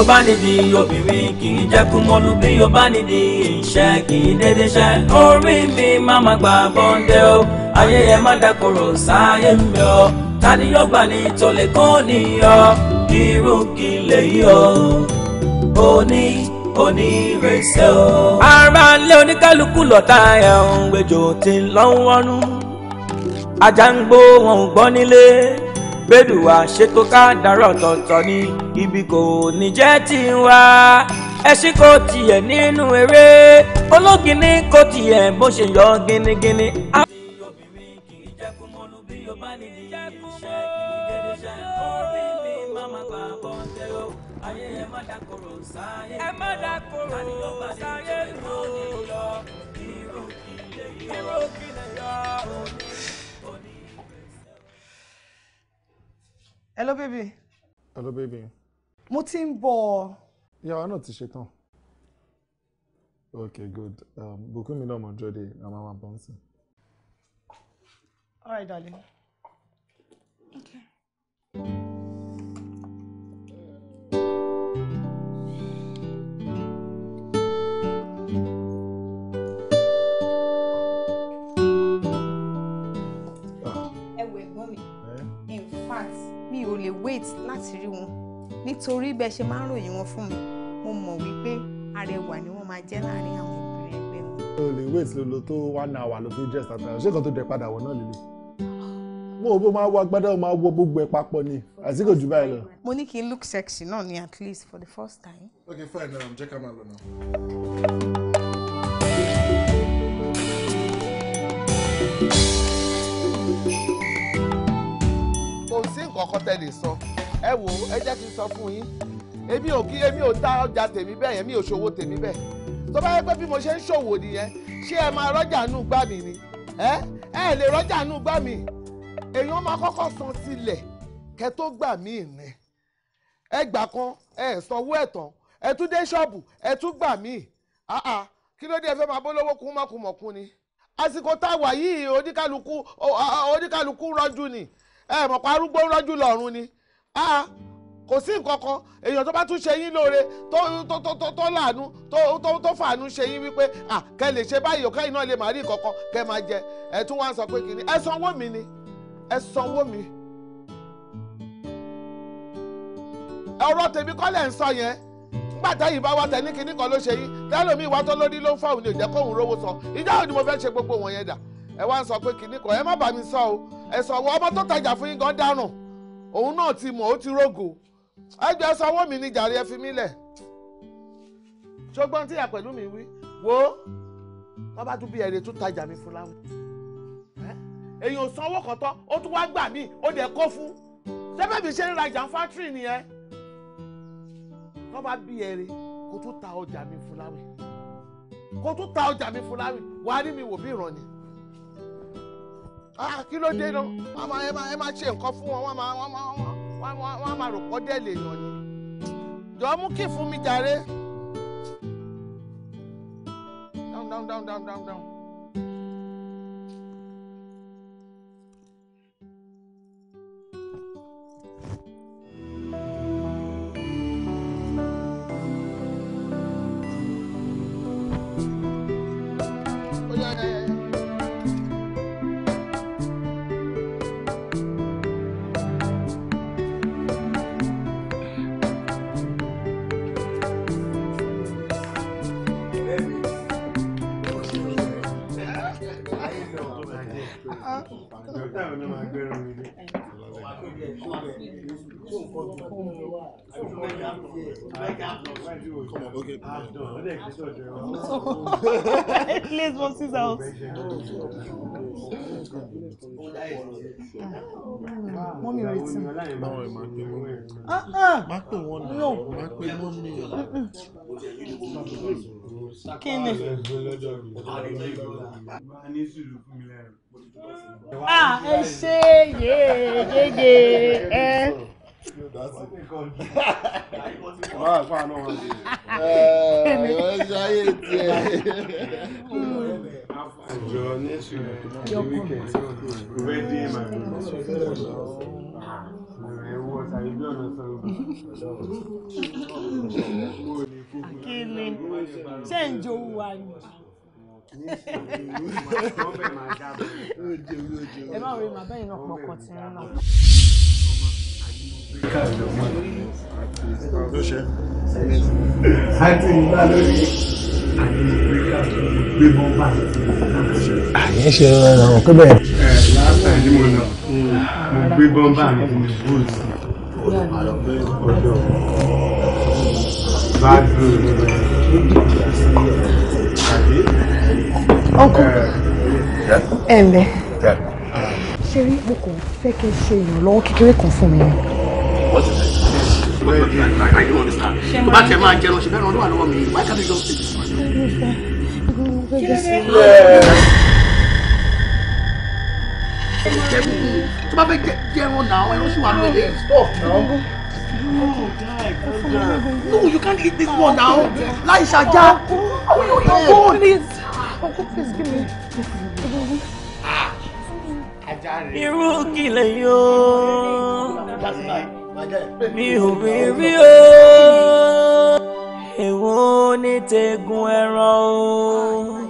o bá nídìí obìnrin kì í jẹ́ kú mọ́lú bí o bá nídìí iṣẹ́ kì í dédé ṣẹ́ orí mi má má gbà bọ́ńdẹ́ o ayé ẹ má dàkọ̀rọ̀ sáyé ń bẹ̀ ọ́ ta ni yóò gbà ní tó lè kọ́ níyọ irú kí lè yọ òní onírèsè o. ara lé oníkálukú lọ́tà ẹ̀ ń gbẹjọ́ tí ajá ń gbó wọn ò gbọ́ nílé bẹ́ẹ̀dù wa ṣètò ká dárò ọ̀tọ̀ọ̀tọ̀ ni ibi kò ní jẹ́ ti wa ẹṣin kò tiẹ̀ nínú eré ológìní kò tiẹ̀ bó ṣe yọ gínígíní. ẹ má dàkóró sáyé lò lọ irú kìlẹ̀ yọ. hello baby. hello baby. mo ti ń bọ̀. yàrá náà ti ṣetán. okay good um, bùkún mi náà mo jọ de àmọ́ àwọn àbọ̀nsìn. all right darling. okay. wait láti rí wọn nítorí bẹ́ẹ̀ ṣe máa ń ròyìn wọn fún mi mo mọ̀ wípé arẹwà ni wọ́n máa jẹ́ láàrin àwọn obìnrin ẹgbẹ́ wọn. o lè wait lolo tó one hour ló tó jẹ́ sàtàrà ṣé kan tó dẹ̀ padà wọ̀ náà lélẹ̀ mo ò bó máa wọ agbádá máa wọ gbogbo ẹ papọ̀ ni àti kò jù báyìí lọ. mo ní kí n look sexy náà ni at least for the first time. okay fine um, jẹ́ ká máa lọ náà. thank you kọ́kọ́ tẹ́ lè sọ ẹ wò ẹ jẹ́ kí n sọ fún yín èmi ò kí èmi ò ta ọjà tèmi bẹ́ẹ̀ yẹn mi ò ṣòwò tèmi bẹ́ẹ̀ tó bá yẹ pé bí mo ṣe ń ṣòwò nìyẹn ṣé ẹ máa rọ́jà nù gbà mí ni ẹ ẹ lè rọ́jà nù gbà mí èèyàn máa kọ́kọ́ san sílẹ̀ kẹ́ tó gbà mí ni ẹ gbà kan ẹ sanwó ẹ̀ tán ẹ tún dé ṣọ́ọ̀bù ẹ tún gbà mí kí ló dé ẹ fẹ́ máa bó lówó kúmọ̀kúmọ̀kú ni àsìkò táwa yìí oníkálukú rọ́jú ni ẹ mọ̀ pa arúgbó rọ́jú lọ́rùn ni kò sí nǹkan kan èèyàn tó bá tún ṣe yín lóore tó láàánú tó fàánú ṣe yín wípé kẹ lè ṣe báyìí ò kẹ́yìn náà lè máa rí kankan kẹ máa jẹ ẹ tún wá sọ pé kìíní ẹ sanwó mi ni ẹ sanwó mi. ọ̀rọ̀ tèmi kọ́ lẹ̀ ń sọ yẹn nígbà táyìn bá wá tẹ̀ ní kinní kan ló ṣe yín tẹ́lómi ìwà tó lórí ló ń fọ́ òun ní ìjẹ́kọ̀ọ́ òun rówó sọ ìjà òun mo fẹ́ ṣe gbogbo wọn yẹn dà ẹ wá ń sọ pé kinní kan ẹ má bà mí sọ o ẹ sọ ọwọ́ ọmọ tó tajà fún yín gan dáràn òun náà ti mọ̀ ó ti rògò ẹ jọ ẹ sọ ọwọ́ mi ní jàre ẹ fi mí lẹ̀ ṣọgbọ́n tíyà pẹ̀lú mi wí wo wọ́n bá tún bí ẹ̀rẹ̀ tún tajà mi fún láwùjọ èèyàn sanwó kan tán ó tún wá gbà mí ó dẹ̀ kó fún sẹ́fẹ̀bì ṣe ń rajà fátírì nìyẹn wọ́n bá bí ẹ̀rẹ̀ kó tún ta ọjà mi fún láwùjọ kó tún ta ọjà mi fún láwùjọ wàá rí mi wò bí ìrànlẹ́. Ah, ah, kí ló dé náà wọ́n máa ẹ máa ẹ máa ṣe nǹkan fún wọn wọ́n máa wọ́n máa wọ́n máa rò pọ́ dẹ́lẹ̀ èèyàn ni jọ mú kí fún mi jàre down down down down down down. Let's go sis house. Mọ́mí retí. Báwo ẹ̀ máa pe mọ́mí? Ah, ẹ ṣe yéé yéé yéé ẹ. Yo, that's what it. Why, why no one did it? Uh, try it. Àjọ ní ṣùgbọ́n ní wíkẹ̀ndì kò fẹ́ dín ìmọ̀ ìrìn ewu ọ̀sà ibi ọ̀nà sọ̀rọ̀. Kí ni ṣé ń jowú wa ni? Ẹ má wọlé màá bẹ́ẹ̀ náà pọ̀ kọ̀tì náà ló ṣe. àti ìgbà lórí àyè ṣe rọrùn àwọn kébẹ̀. ẹ lásán ni mo lọ mo gbé bọ́mbà mi ní boots ọ̀dọ̀ bad blue ọkọ ẹ ǹlẹ́ ṣe rí mo kò fẹ́ kí n ṣe ìrànlọ́wọ́ kékeré kan fún mi I don't understand. Tó bá tẹ̀ máa jẹun ṣe bẹ́ẹ̀ rán lọ́wọ́ Why can't you just take this money? Oh, no, you can't eat this one now. Laisha, ja. Oh, no, no, Please. Oh, please give me. Ah, Irú kìlẹ̀ yóò. That's right mi ò rí rí o èwo ní tẹ̀gùn ẹran o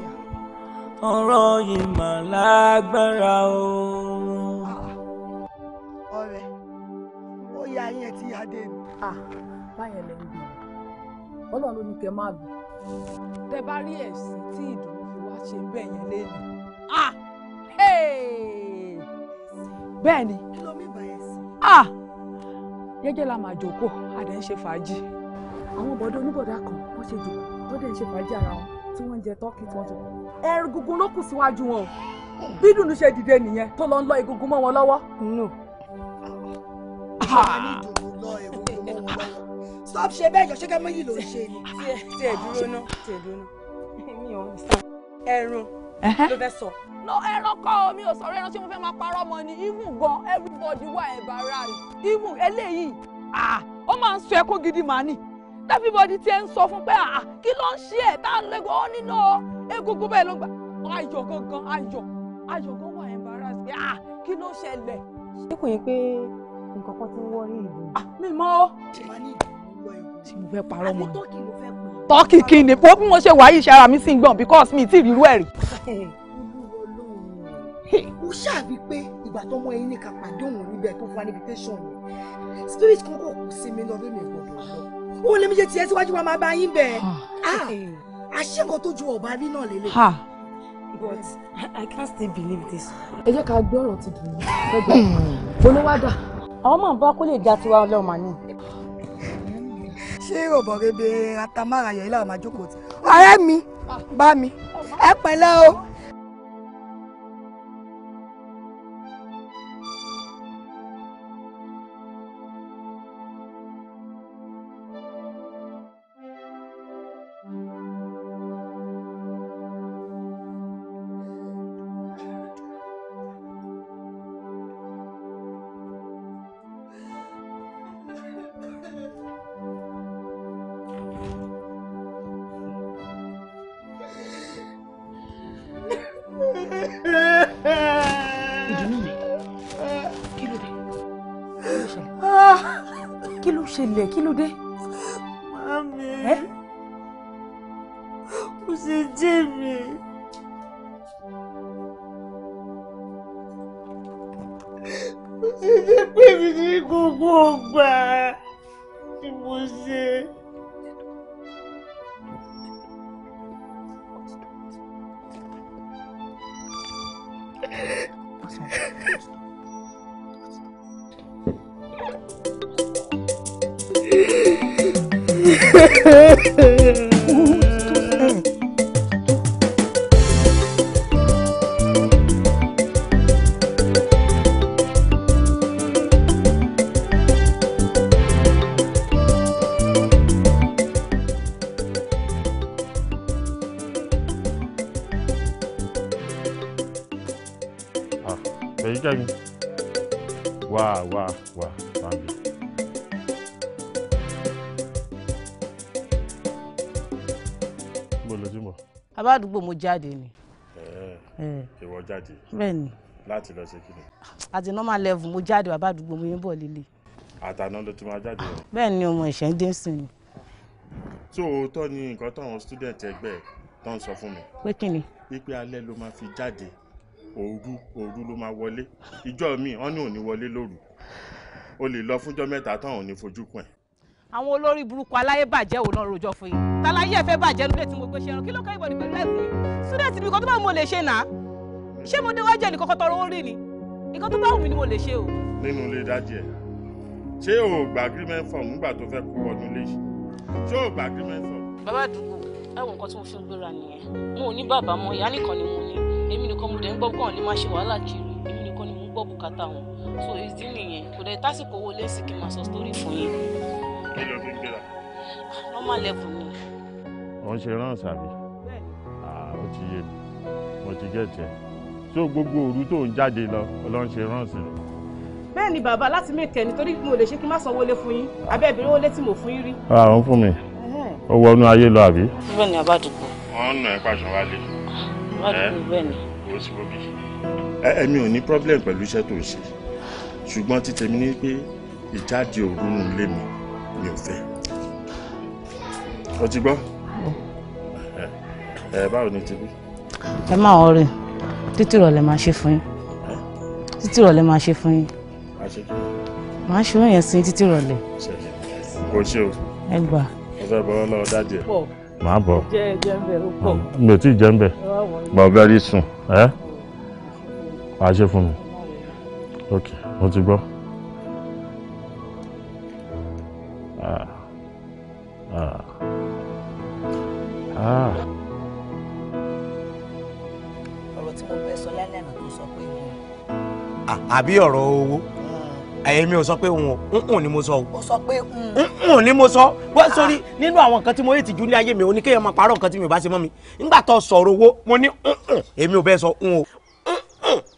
ọ̀rọ̀ yìí mà lágbára o. ọ̀rẹ́ ó yá yín ẹ ti yá dé mi. báyẹn lè ń bì í ọlọ́run ló ní kẹ́ máa lù. tẹ bá rí ẹ̀sìn tí ìdùnnú fi wá ṣe bẹ́ẹ̀ yẹn lẹ́nu. bẹ́ẹ̀ ni jẹ́jẹ́ la máa jókòó a dẹ̀ ń ṣe fàájì. àwọn bọ̀dọ̀ oníbọ̀dà kan wọ́n ṣe jù wọ́n dẹ̀ ń ṣe fàájì ara wọn tí wọ́n ń jẹ tọ́kì tí wọ́n jẹ. ẹrù gungun ló kù síwájú wọn bí dùnú ṣe dìde nìyẹn tó lọ ń lọ egungun mọ́ wọn lọ́wọ́. nù. stop ṣe bẹ́ẹ̀ yọ̀ṣẹ́kẹ́ méjì ló ń ṣe ni. tiẹ̀ dúró ná tiẹ̀ dúró ná mi ò ń sá. ẹrun ló fẹ́ sọ. no ẹran kọ́ omi ò sọ̀rọ̀ ẹran tí mo fẹ́ máa parọ́ mọ́ ni ihu gan ẹrù everybody wà embarrassed. imú eléyìí ó máa ń sọ ẹkún gidi màá nì everybody ti ń sọ fún pé kí ló ń ṣe ẹ̀ tá a lè gbọ́ ọ́ nínú egungun bẹ́ẹ̀ ló gbà ayọ̀ gangan ayọ̀ ayọ̀ gan wà embarrassed pé kí ló ṣẹlẹ̀. ṣé kò yẹ pé nǹkan kan ti ń wọ́rí ìlú. mi mọ́ ọ́. tí mo fẹ́ parọ́ mọ́ tọ́kì kí ni bí mo ṣe wà yìí ara mi sí gbọ̀n because mi ì tí ì ẹ̀ rí ó ṣàbí pé ìgbà tó mọ ẹyin ká pàdé òun níbẹ̀ tó fún invitation mi spirit kan kò kú sí mi lọ bí mi lọ ó lè mi ṣe síwájú wa máa bá yín bẹ̀ àṣẹ ah, nǹkan tó ju ọ̀bá rí náà lélẹ̀. but I can't still believe this. ẹ jẹ́ ká gbé ọ̀rọ̀ ti dùn mí lọ́jọ́ olówádà. àwọn máa ń bá kó lè já tiwa lọ́mọ ni. ṣé òbọ̀ rebe atamára yẹn láwọn máa jókòó tí. ọ̀rẹ́ mi bá mi ẹ pẹ̀lẹ́ o. ṣe ṣe pé mi ní gbogbo ọgbà tí mo ṣe. Hehehehe jáde ni. ìwọ jáde. bẹ́ẹ̀ni. láti lọ ṣe kí àti normal level mo jáde bàbá àdúgbò mo yẹn bọ̀ líle. àtàná ló ti máa jáde. bẹ́ẹ̀ni ọmọ ìṣẹ́ ń dé sí ni. tí ni nǹkan táwọn student ẹgbẹ́ tó ń sọ fún mi. pé kí ni. wípé alẹ́ ló máa fi jáde òru òru ló máa wọlé ìjọ mi wọn ní òní wọlé lóru o lè lọ fúnjọ mẹ́ta tán òní fojú pọ̀ ẹ́ àwọn olórí burúkú aláyé bàjẹ́ òun náà rojọ́ fún yín tàlàyé ẹ̀fẹ́ bàjẹ́ nílé tí mo gbé ṣe ẹran kí ló kọ́ ìbọ̀dì pẹ̀lú ẹ̀fún yìí student mi kan tó bá mo lè ṣe náà ṣé mo déwájú ẹnì kọ́kọ́ tọrọ orí ni nǹkan tó bá wù mí ni mo lè ṣe o. nínú ilé dájú ẹ ṣé o gba agreement form nígbà tó fẹ́ kó ọdún ilé yìí ṣé o gba agreement form. bàbá àdúgbò ẹwọn nǹkan tí mo fi ń gbéra nìyẹn mo ò ní bàbá mọ ìyá nìkan ni mo ní èmi nìkan mo dẹ̀ ń gbọ́ kàn ní má ṣe wàhálà kiri èmi nìkan ni mo ń gbọ́ bùkátà wọn so èyí nìyẹn kò dẹ̀ tásìkò owó lẹ́sìn kí n máa sọ story fún yín kí ló fi ń gbéra. normal level ni. wọ́n ṣe ránṣẹ́ àbí ah, ó ti yé mi mo ti gẹ̀ẹ́tì ẹ̀ so gbogbo òru tó ń jáde lọ ọlọ́run ṣe ránṣẹ́. bẹ́ẹ̀ ni bàbá láti mẹ́kẹ́ nítorí mo lè ṣe kí n má sanwó lé fún yín abẹ́ ìbéèrè owó tí mo fún yín rí. àwọn ah, ń fún mi ó wọnú ayé lọ àbí. bẹ́ẹ̀ ni àbádùgbò. wọ́n ń nà ẹ́ pàṣẹ wálé. àbádùgbò bẹ́ẹ̀ ni. kò ẹ̀mi ò ní problem pẹ̀lú iṣẹ́ tó ń ṣe ṣùgbọ́n ti tèmi ní pé ìjáde òru nù lé mi mi ò fẹ́ o ti gbọ́ ẹ báwo ni ti bí. ẹ máa wọ rẹ títí ìrọ̀lẹ́ máa ṣe fún yín títí ìrọ̀lẹ́ máa ṣe fún yín máa ṣe oúnjẹ sí títí ìrọ̀lẹ́. kò ṣe o. ẹ gbà. mo fẹ́ bọ́ lọ́wọ́ dájú ẹ̀. màá bọ̀ mi ò tí ì jẹ́ ń bẹ̀ bọ̀ very soon ẹ́ wàá ṣe fún mi ok mo ti gbọ́. Ah. Ah. ọ̀rọ̀ tí mo fẹ́ sọ lálẹ́ àná tó sọ pé wọn. Ah, àbí ọ̀rọ̀ owó èmi hmm. ò sọ pé òun òun ni mo sọ o. o sọ pé òun hmm. ni mo sọ. wọ́n ah. sori nínú àwọn nǹkan tí mo yé ti ju ní ayé mi ò ní kéèyàn máa parọ́ nǹkan tí mi ò bá ṣe mọ́ mi. nígbà tó sọ̀rọ̀ owó mo ní èmi ò bẹ́ẹ̀ sọ òun o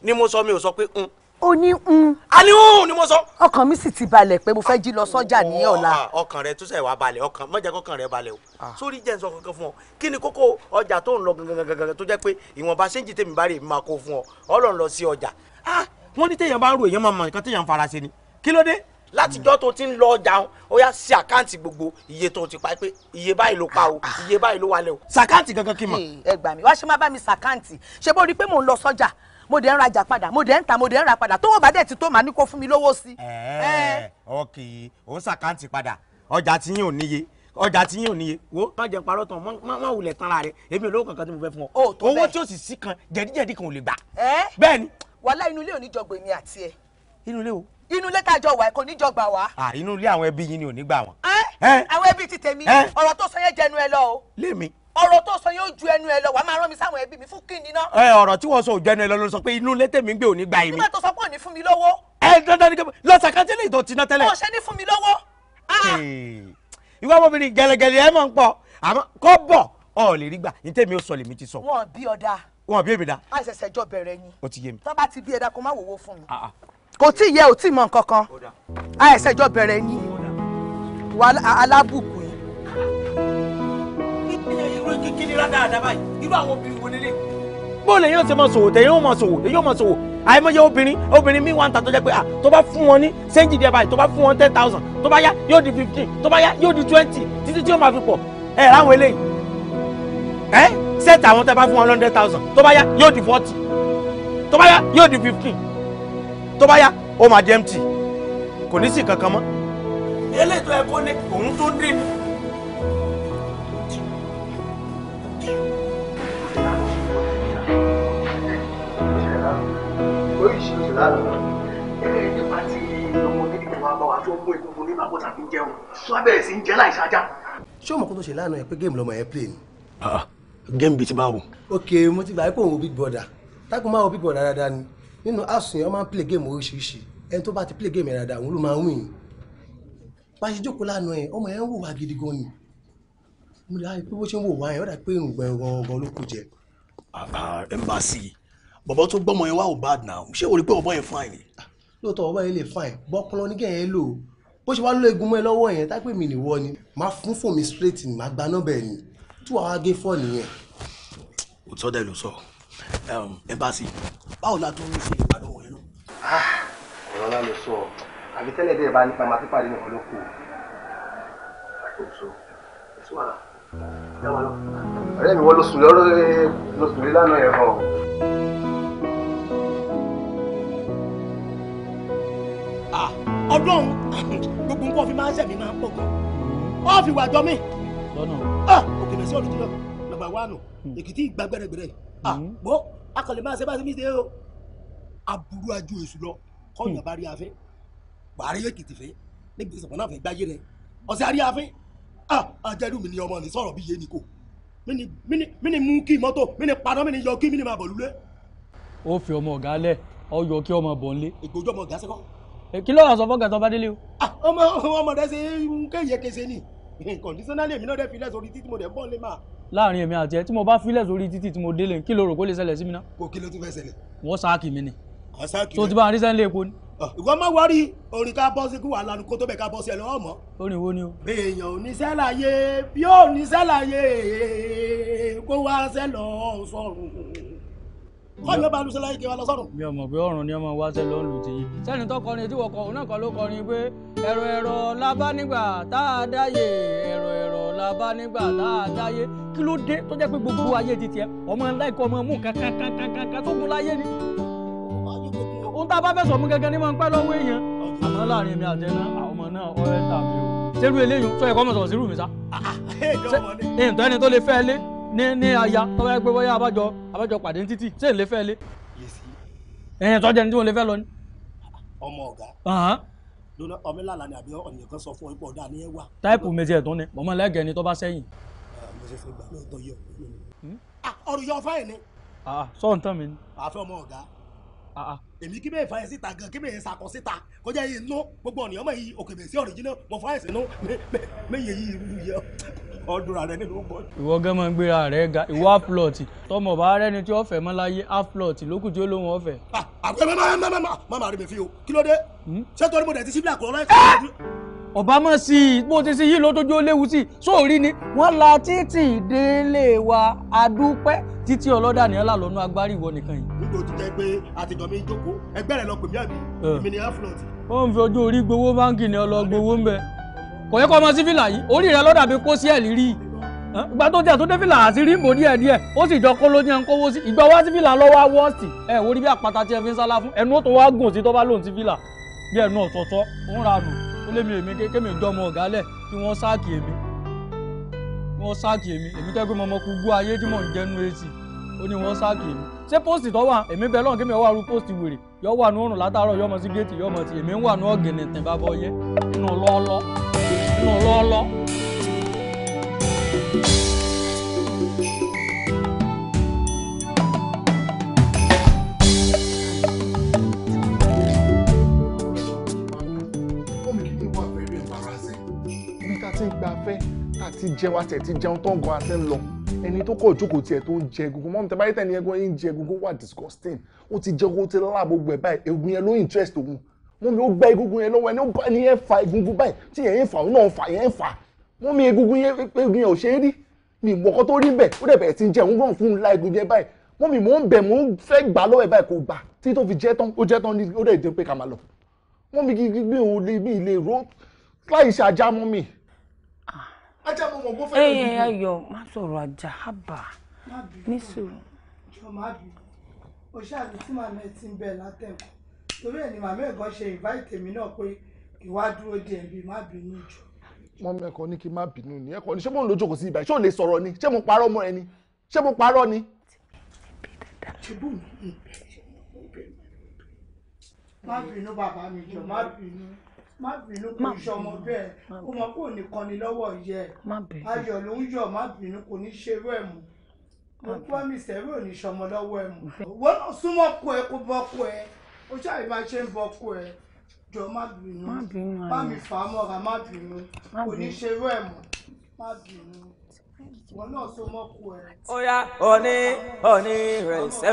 ni mo sọ mi ò sọ pé òun ó ní ń. Mm. a ní ń mm, ni mo sọ. ọkàn mi sì ti balẹ̀ pé mo fẹ́ jí lọ sọ́jà ní ọ̀la. Ah, ọkàn rẹ tó ṣe wá balẹ̀ ọkàn má jẹ́ kọ́kàn rẹ balẹ̀ o ah. sórí jẹ́ nsọ kankan fún ọ kí ni kókó ọjà tó ń lọ gangan tó jẹ́ pé ìwọ̀nba ṣéǹjì tèmi bá rè mí máa kó fún ọ ọlọ́run lọ sí ọjà. Ah, wọ́n ní téèyàn bá ń ro èèyàn máa mọ nǹkan téèyàn ń fara ṣe ni kí ló dé látijọ́ tó ti ń lọ ọjà ó yá sí àkáǹtì gbogbo iye tó ti pa pé iye báyìí ló pa o iye báyìí ló wálẹ̀ o. sàkáǹtì gangan kí n mọ̀. ẹ gbà mí wá ṣe má bá mi sàkáǹtì ṣe bó rí i pé mò ń lọ sọ́jà mo dẹ̀ ń rajà padà mo dẹ̀ ń ta mo dẹ̀ ń ra padà tówó bá dẹ̀ ti tó màá ní kó fún mi lówó sí. ẹ ẹ ọkì ò ń ṣàkáǹtì padà ọjà tí yín ò níye ọjà tí yín ò níye wo má jẹ parọ́ tán má wulẹ̀ tán ra rẹ èmi olówó kankan tí mo fẹ́ fún ọ owó tí ó sì sí kan jẹ̀díjẹ̀dí kan ò lè gbà. bẹ́ẹ̀ ni. wàhálà inú ilé ò ní jọgbọ èmi àti ẹ. inú ilé o inú ilé tàjọ wà kò ní jọgbà wá. inú ilé àwọn ẹbí yín ni ò ní gbà wọn. àwọn ẹbí ti tèmi ọ̀rọ̀ tó sọ yẹn jẹnu ẹ lọ o. lémi ọ̀rọ̀ tó sọ yóò ju ẹnu ẹ lọ wàá máa rán mi sáwọn ẹbí mi fún kí ni ná. ẹ ọ̀rọ̀ tí wọ́n sọ òjò ẹnu ẹ lọ ló sọ pé inú létè mi ń gbé òní gba èmi. nígbà tó sọ pé òní fún mi lówó. ẹ dandan ni kébù lọ́sàkántì lè dọ̀tí náà tẹ́lẹ̀. ọ̀sẹ̀ ní fún mi lówó. Ah, ah. ìwà ọmọbìnrin gẹ̀lẹ́gẹ̀lẹ́ ẹ mọ̀ ń pọ̀ àmọ́ kọ́ bọ̀ ọ̀ lè rí gbà ní tèmi ó sọ lèmi ti sọ. wọn bí ọ̀dà. wọn bí èmi dá. àìsẹ̀sẹ̀ jọ bẹ̀rẹ̀ ni. ó ti yé mi. tọ́ bá ti bí ẹ̀dá kó má wòwó fún mi. Ah, kò tí ì yẹ ò tí ì mọ nǹkan kan. àìsẹ̀jọ bẹ̀rẹ̀ ni. wà kí ni rádáadáa báyìí irú àwọn obìnrin wo lélẹ̀. bó lè yóò ṣe máa ṣòwò tẹ̀yìn yóò máa ṣòwò èyí yóò máa ṣòwò àìmọye obìnrin obìnrin míì wà ń ta tó jẹ́ pé à ah, tó bá fún wọn ní sẹ́ńjì díẹ̀ báyìí tó bá fún wọn ten thousand tó bá yá yóò di fifteen tó bá yá yóò di twenty títí tí yóò máa fi pọ̀ ẹ̀ ráwọn eléyìí ẹ̀ sẹ́ẹ̀tì àwọn tẹ́ bá fún wọn lọ́ndẹ̀ thousand tó bá yá yóò di forty tó bá yá yóò di fifteen tó bá yá ó máa di empty kò ní sí kankan mọ́. eléyìí tó yẹ kó ní òun tó dín ní lánàá eh, nípa ti ọmọdé nìkan wa bá wa tó mú egungun nínú àpótà fi jẹun tó abẹ́rẹ́ sí ń jẹ láì ṣáájá. ṣé ọmọ kan tó ṣe lánàá ẹ pé géèmù lọmọ yẹn play ni. Ah, géèmù bíi ti báwo. ok mo ti gbà pé òun wo big brother tákùn máa wo big brother dáadáa ni nínú house yẹn wọ́n máa ń play géèmù oríṣiríṣi ẹni tó bá ti play géèmù yẹn dáadáa òun ló máa ń win. bá a ṣe jókòó lánàá yẹn ọmọ yẹn ń wùwà gidi gan ni mo dà pé bó ṣe ń wùwà yẹn ó dà pé ìrùngbọ̀n ọ̀gọ̀ ló kù jẹ. ẹ̀mbàsì ah, ah, bọ̀bọ̀ tó gbọ́mọ yẹn wá ò bad now ṣé o rí pé bọ̀bọ̀ yẹn fine. Ah, lóòótọ́ bọ̀bọ̀ yẹn lè fine bọ́pọlọ ní kẹ́hìn lò bó ṣe wá ló egun mọ́ ẹ lọ́wọ́ yẹn tápé mi nìwọ ni máa fún fún mi straight ni máa gba nọ́ọ̀bẹ̀ ni tí wàá gé fọ́ nìyẹn. òtítọ́ dẹ̀ ló sọ ẹ̀mbáàsì báwo la tó ń ṣe ìpàdé wọn yẹn náà. Ah, ọ̀rọ̀ náà ló sọ àbí tẹ́lẹ̀ bẹ́ẹ̀ bá nípa máa pípàdé nìkan ló kù ọ̀rẹ́ mi wọ́n ló sùn lọ́rọ́ ló sùn lé lánàá ẹ̀rọ. Ah, ọlọ́run gbogbo nǹkan fi máa ń sẹ̀mí máa ń pọ̀ gan ọ́ fi wà jọ mí ah, òkè lọ sí ọ̀dọ̀ jùlọ nàbà wà nù èkìtì ìgbà gbẹrẹgbẹrẹ ah, hmm. bọ́ akọ̀lẹ̀ máa ṣe bá ṣe mí ṣe o aburú ajú èṣù lọ kọ́nyà hmm. bá rí afẹ́ bàárẹ̀ yóò kìtì fẹ́ nígbà ìsọ̀kan náà fẹ́ gbáyé rẹ ọ̀sẹ̀ àrí afẹ́ àjẹrù mi ni ọmọ ní sọ̀rọ̀ bí yé ni kò mí ni mú kí mọ́tò mí ni padà mí ni yọ kí mí ni máa bọ̀ lulẹ̀. ó fi ọmọ ọ̀gá lẹ̀ ọ yọ kí ọmọ bọ̀ ń lé. ìgbójú ọmọ ọ̀gá sẹ́kọ̀ọ́ kí ló wà sọ fọ́gà tó bá délé o. Ah, ọmọ ọmọdé ṣe kéye kese ni kọ̀ndísọ́nálì èmi náà dẹ̀ filẹ̀ sórí títí mo dẹ̀ ń bọ̀ lé máa. láàrin èmi àti ẹ tí mo bá filẹ̀ sórí títí tí mo délé kí ló rò kó lè ṣẹlẹ̀ sí mi náà. kò kí ló tún fẹ́ ṣẹlẹ̀. wọ́n sáàkì mi ni. ọ̀sáàkì rẹ̀ tó ti bá arísẹ́ ńlẹ̀ epo ni. Ah, ìwọ má wárí orin ká bọ́ sí kí wàá lanu kó tó bẹ̀ ká bọ́ sí ẹ lọ́wọ́ mọ́. orin wo ni o. èèyàn oníṣẹ́ láyé bí oníṣẹ́ láyé kó wá ṣẹ́ sọ̀rùn kọ́ni ọba alùsẹ̀ láyé kéwà lọ́sọ̀rọ̀. mi ò mọ̀ pé ọ̀run ni ọmọ wa ṣe ló ń lù tí. sẹ́ni tó kọrin tí wọ́n kọ òun náà kọ́ ló kọrin pé ẹ̀rọ ẹ̀rọ labá nígbà tá a dáyé ẹ̀rọ ẹ̀rọ labá nígbà tá a dáyé kí ló dé tó jẹ́ pé gbogbo ayé ti tiẹ̀ ọmọ láìkọ́ ọmọ mú kankankankan ní ní aya tó bá yẹ pé bóyá abájọ abájọ pàdé ní títì ṣé n lè fẹ́ lé. yèsì. ẹ̀yìn tó jẹ́ ní tí mo lè fẹ́ lọ ni. ọmọ ọ̀gá. lónà ọmọlára ni àbí ọ̀nìyàn kan sọ fún ọ pé ọ̀dà ni ẹ wà. táìpù méjì ẹ̀tún ni mọ̀mọ́ lẹ́gẹ̀ẹ́ ni tó bá sẹ́yìn. mo yọ. Hmm? Ah, ọ̀rùn yọ fáyìn ni. sọ̀ǹtàn mi ni. àfẹ́ ọmọ ọ̀gá èmi kí bẹ́ẹ̀ fàyẹ̀ síta gan kí bẹ́ẹ̀ sakọ síta kọjá yìí nú gbogbo ọ̀nìyàn mọ̀ yìí òkè bẹ̀ sí original mọ̀ fàyẹ̀ sínú mẹ́yẹ yìí irú yẹ ọdúnra rẹ nínú bọ́ọ̀lù. ìwọ gan máa ń gbéra rẹ ga ìwọ aflọọtì tọmọ bá rẹni tí ọfẹ mọ láyé aflọọtì lókù tí ó lóun ọfẹ. Hmm? Eh! ọba mọ̀ sí i bó ti ṣe yìí ló tójú ó léwu sí i sóòrí ni wọ́n la títì délé wa adúpẹ́ títí ọlọ́dà ni ọlá lọ́nu agbárí ìwọ nìkan yìí. nígbà tó jẹ́ pé àtìgbọ̀n mi jókòó owó ẹgbẹ́ rẹ̀ lọ pè mí àbí èmi ni aflot. ó ń fi ojú orí gbowó báńkì ni ọlọgbowó ń bẹ kò yẹ kó ọmọ sí fìlà yìí orí rẹ lọ́dà bí kó sí ẹ̀ lírí ìgbà tó tiẹ̀ tó dé fìlà àti rímò díẹ̀ díẹ̀ ó sì jọ kó ló ní ẹ̀ ń kówó sí ìgbà wá sí fìlà lọ́wọ́ wọ́ọ̀sì ẹ̀ wò rí bí àpáta tí fi ń sálá fún ẹnu tó wá gùn sí tó bá lòun sí fìlà bí ẹnu ọ̀tọ̀ọ̀tọ̀ ń ra nù ó lé mi èmi kémi ìjọmọ ọ̀gá lẹ̀ kí wọ́n sáàkì èmi wọ́n sáàkì èmi èmi tẹ́gbẹ́ mọ́mọ́ kú gbó ayé tí mò ń jẹ́nu èsì ó ní wọ́n sáàkì èmi ṣé póòsì tó wà èmi bẹ lọ́run kémi ọwọ́ àrùn póòsì wèrè yọ wà nù ọ̀run látàárọ̀ yọmọ sí géètì yọmọ sí èmi ń wà nù ọ̀gẹ̀nẹ̀ tẹ̀ bá bọ yẹ inú lọ́ọ́lọ́ inú lọ́ọ́lọ́. ti jẹun àti ẹ̀ ti jẹun tó ń gan àti ń lọ ẹni tó kọ̀ jókòó tiẹ̀ tó ń jẹ egungun mọ́mí tẹ́bárí tẹ̀ ní ẹgbẹ́ yín jẹ egungun wà disgusting ó ti jẹ́ kó ti lá gbogbo ẹ̀ báyìí egun yẹn ló interest òun mọ́mí ó gbẹ́ egungun yẹn lọ́wọ́ ẹni ó bá ní yẹn fa egungun báyìí tí yẹn ń fa òun náà fa yẹn ń fa mọ́mí egungun yẹn egun yẹn ò ṣe é rí mi ìmọ̀kọ́ tó rí bẹ̀ ó dẹ̀ bẹ̀rẹ̀ ti ń jẹ òun náà fún un lá egungun yẹn báyìí mọ́mí mò ń bẹ̀ mò ń fẹ́ gbà lọ́wọ́ ẹ̀ báyìí kò gbà tí tó fi jẹ́ tán ó jẹ́ ajá mo mọ̀ kó fẹ́ lójú. ẹyẹ ayọ̀ má sọ̀rọ̀ ajá hábà ní sùúrù. jọ má bì ó ṣáàbì tí màmá ẹ ti ń bẹ látẹ̀kọ́ torí ẹ̀ ni màmá ẹ̀gọ́ ṣe ìváìtì mi náà pé ìwà dúró di ẹ̀bí má bínú jù. wọn mẹkọ ní kí n má bínú ni ẹkọ ni ṣé mò ń lójókòó sí ibà ṣé ò lè sọ̀rọ̀ ni ṣé mo parọ́ mọ́ ẹ ni ṣé mo parọ́ ni. má bínú bàbá mi jọ má bínú má bínú kò ṣe ọmọ bẹ́ẹ̀ kó mọ kó nìkan ni lọ́wọ́ yẹ ayọ̀ ló ń yọ̀ má bínú kò ní ṣe irú ẹ̀ mọ́ mo promise ẹ̀rú ò ní ṣọmọ lọ́wọ́ ẹ̀ mọ́ owó náà súnmọ́ kó ẹ kó bọ́ kó ẹ ó ṣàyè máa ṣe ń bọ́ kó ẹ jọ má bínú bá mi fà á mọ́ra má bínú kò ní ṣe irú ẹ̀ mọ́ má bínú wọn náà súnmọ́ kó ẹ. ó yá òní òní rẹ̀ ṣe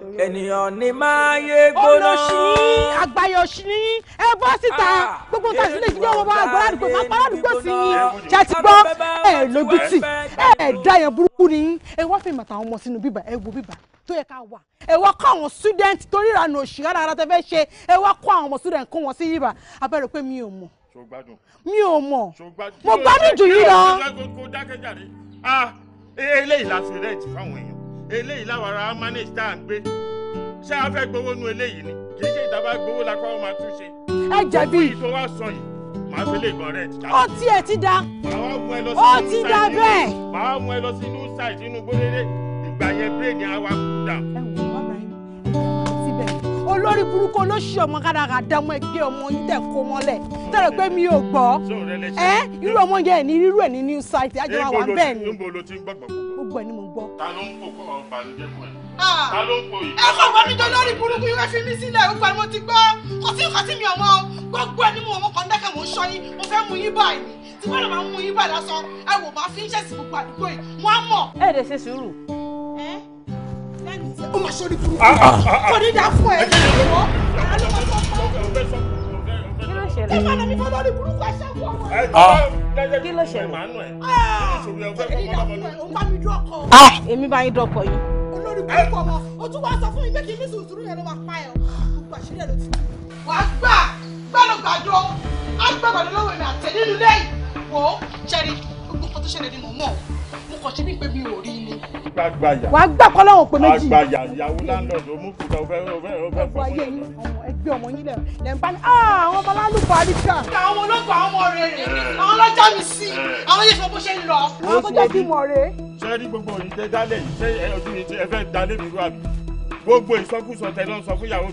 ènìyàn ni máa yé gbóná. olóṣì ní àgbáyọ̀ òṣì ní ẹ bọ́ síta gbogbo nǹkan sílẹ̀ ìdílé wọn bá àgbà ládùúgbò máa pa ládùúgbò sí i ṣe ti gbọ́ ẹ lójútì ẹ dá yẹn burúkú ni ẹ wá fi màtà àwọn ọmọ sínú bíbà ẹ wo bíbà tó yẹ ká wà ẹ wá kọ́ àwọn student torí ìlànà òṣì rárá ara tẹ fẹ́ ṣe ẹ wá kọ́ àwọn ọmọ student kó wọn sí bíbà abẹ́rẹ́ pé mi ò mọ̀ mi ò mọ̀ mo gbádùn jù yín lọ. eléyìí la ti rẹ̀ jù fáwọn èèyàn eléyìí láwọn ará manage tá à ń gbé ṣé a fẹ́ gbowó nu eléyìí ni kì í ṣe ìtàbá gbowó la kọ́ máa tún ṣe. ẹ jẹ̀bi ìyí tó wá sọ yìí màá fi lè gbọ́n rẹ̀. ó tiẹ̀ ti da ó ti da bẹ́ẹ̀. màá mú ẹ lọ sí inú ṣáìdì inú gbóréré ìgbà yẹn bírèèdì á wá dà olórí burúkú olóṣì ọmọ kádàkà dá ọmọ ẹgbẹ́ ọmọ yìí tẹ̀ kó mọ́lẹ̀ tẹ̀rẹ̀ pé mi ò gbọ́ ẹ irú ọmọ yẹn ní irú ẹ̀ ní new site ajọ́ wa wà bẹ́ẹ̀ ni gbogbo ẹ̀ ni mo gbọ́. ta ló ń pò kọ́ ọ̀bàlùjẹ́ fún ẹ ah. ta ló ń pò yìí. ẹ kò wọ́n mi jọ lórí burúkú yìí wọ́n fi mí sílẹ̀ gbogbo ẹ̀ mo ti gbọ́ kò sí nǹkan tí mi ò gbogbo ẹ̀ mo mọ̀ kàn dákẹ́ mo ń ṣọ́ yín mo fẹ́ mú yín báyìí tí wọ́n lè máa mú yín báyìí lásán ẹ wò máa fi ń ṣẹ̀sìn gbogbo àdúgbò yìí wọ́n á mọ̀. ẹ lè ṣe sùúrù. ẹ ó máa ṣorí burúkú kò ní dá fún ẹ ìwọ àánú máa fọ fún ẹ máa nàbí fọlọ́ ní burúkú ẹ ṣàkóso ọmọ kí ló ṣẹlẹ̀ kò ní dá fún ẹ òun bá mi dọ́kọ̀ èmi bá yín dọ́kọ̀ yìí olórí burúkú ọmọ o tún wá sọ fún mi pé kí n ní sùúrù yẹn ló máa pa ẹ gbogbo àṣírí ẹ ló ti wàá gbà gbàlógbàjọ á gbàgbà lọ́wọ́ ìrìn àtẹ̀lé nílé ìwọ ṣẹ́ni gbogbo kan tó ṣẹlẹ̀ ni mò ń mọ̀ ọ́ mo kàn ṣe bí pé gbà kọ́ lọ́wọ́ pé méjì. àgbàyà ìyàwó láńlọ́ọ̀dù ó mú kúta ó fẹ́ ó fẹ́ ẹgbẹ́ ọmọ yín lẹ̀ ń bá ní ah, àwọn ọmọ àríkà. àwọn olóògbé àwọn ọmọ rẹ rè àwọn ọlọ́jà mi sí àwọn yẹn fún bó ṣe ń lọ. àwọn tó jẹ́ kí mọ̀ ṣé rí gbogbo òyìn dálẹ̀ yìí ṣé ọdún yìí ẹ fẹ́ dalẹ̀ mi rú àbí gbogbo ìsọkúsọ tẹ lọ sọ fún ìyàwó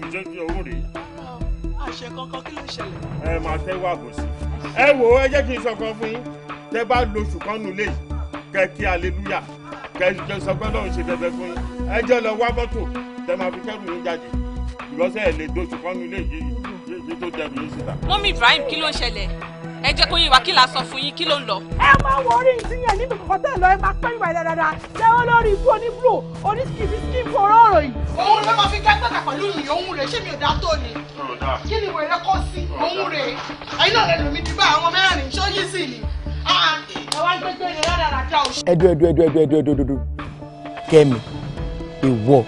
kẹ́kí aleluya kẹ́kí sọgbọ́n lọ́run ṣe dandan fún yín ẹ lọ wá mọ́tò tẹ́ máa kẹ́rù yín jáde ìgbọ́sẹ̀ ẹ̀ lè dojú kọ́nu ilé yìí tó dẹrù yín síta. mọ́mí Ibrahim kí ló ń ṣẹlẹ̀ ẹ jẹ́ kó yín wá kí la sọ fún yín kí ló ń lọ. ẹ máa wọ orí ìdíyẹn níbi kọ̀kọ́ tẹ̀ lọ ẹ máa pẹ́ ìwà dáadáa ṣé ó lórí ikú oníbùrò oníṣìkìfìṣìkì fún ọ̀rọ̀ ọ̀rọ̀ yìí. òun ló máa fi gbẹ́gbẹ́gà pẹ̀lú mi òun rè ṣé mi ò dá tó ni. kí ni ìwé rẹ kọ́ sí òun rè é. náà lè lò mí dìbò àwọn mẹ́rin ṣó sí ni ẹdun ẹdun ẹdun ẹdun ẹdun ẹdun ẹdun kẹmi ìwọ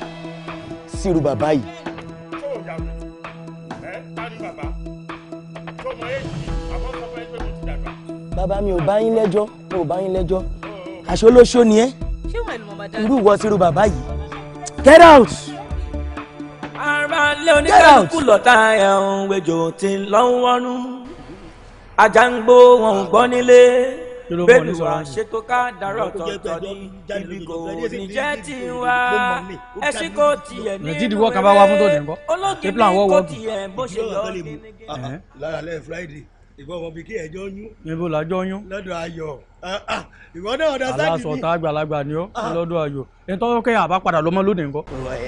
sírù bàbá yìí. bàbá mi ò bá yín lẹ́jọ́ mi ò bá yín lẹ́jọ́ àṣọ olóṣó ni ẹ́ irú ìwọ sírù bàbá yìí get out. ara lé oníkálukú lọ́tà ẹ̀hún wẹjọ tí ń lọ́wọ́nú. Ajangbo ń gbó wọn ò gbọ́ nílé bẹ́ẹ̀ni wà ṣètò ká dárọ̀ tọ̀tọ̀ ní ìlú kò ní jẹ́ tiwa ẹṣin kò tiẹ̀ ní ìlú rẹ̀ olókìkí kò tiẹ̀ bó ṣe yọ ọ́ gẹ́gẹ́. lára lẹ́yìn ìwọ ọmọ bíi kí ẹjọ yún. níbo làjọ yún. lọ́dọ̀ ayọ̀ ah, ah, ìwọ náà ọ̀dọ̀ sáàdì mi. aláṣọta àgbàlagbà ni ó ah. lọ́dọ̀ ayọ̀ nítorí kẹ́yà àbá padà lọ́mọ lónìí nǹkan.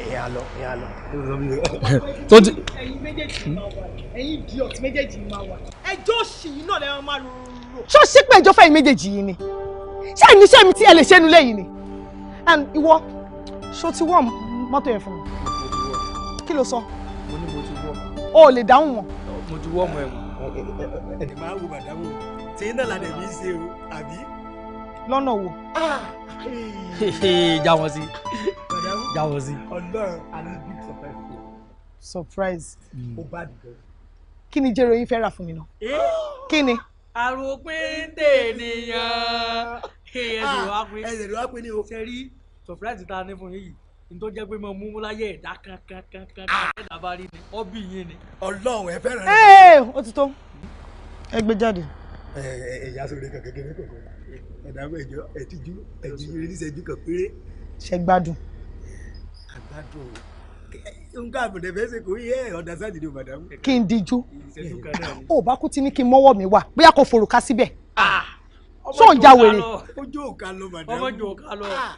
ìyá lọ ìyá lọ. tó ti. ẹyin méjèèjì máa wà ẹyin idiot méjèèjì máa wà ẹjọ́ òsì yìí náà lẹ́yìn máa rò rò. ṣó sí pé ìjọ fẹ́yìn méjèèjì yìí ni ṣé ẹni ṣé mi tí ẹ lè ṣe nulẹ̀ yìí ni and ìwọ ṣó ti wọ́n mọ́tò yẹn fún mi kí ló sọ. mo ní mo ti wọ́. o ò lè dáhùn wọn. mo ti wọ́ ọmọ ẹ̀ mọ́ ẹ máa wo màdámù tí iná la dẹ̀ mí ṣe o àbí. lọ́nà wo. já wọn sí já wọn sí. Ọlọ́run a ní big surprise fún ọ. surprise. Mm. ó bá dìbò. kí ni jẹ́rọ yín fẹ́ rà fún mi náà. kí ni. àròpin tènìyàn. ẹ̀sìn ah, ló wá pé ní o. ṣe rí surprise ta ní fún yín yìí nítorí jẹ́ pé mo mú láyé ẹ̀dá kankan kankan ah. ẹ̀dá bá rí ni ọ́bì yín ni. ọlọ́run ẹ fẹ́ràn rẹ. ee ó ti tó ẹ gbé jáde. ẹ ẹ ẹyà sórí kan kékeré kọ̀ọ̀kan ẹ̀dá mẹ́jọ ẹ̀tìjú ẹ̀tìjú ìrísẹ́jú kan péré. ṣe gbádùn. àgbàdo nǹkan àbùdá fẹ́ ṣe kò yẹ ọ̀dà sáàdì ni màdàmú. kí n díjú ó bá kú ti ní kí n mọ́wọ́ mi wá bóyá kò forùka síbẹ̀ sóun ah! já wèrè. lọ màdàmú. ọmọ jòkà lọ ah!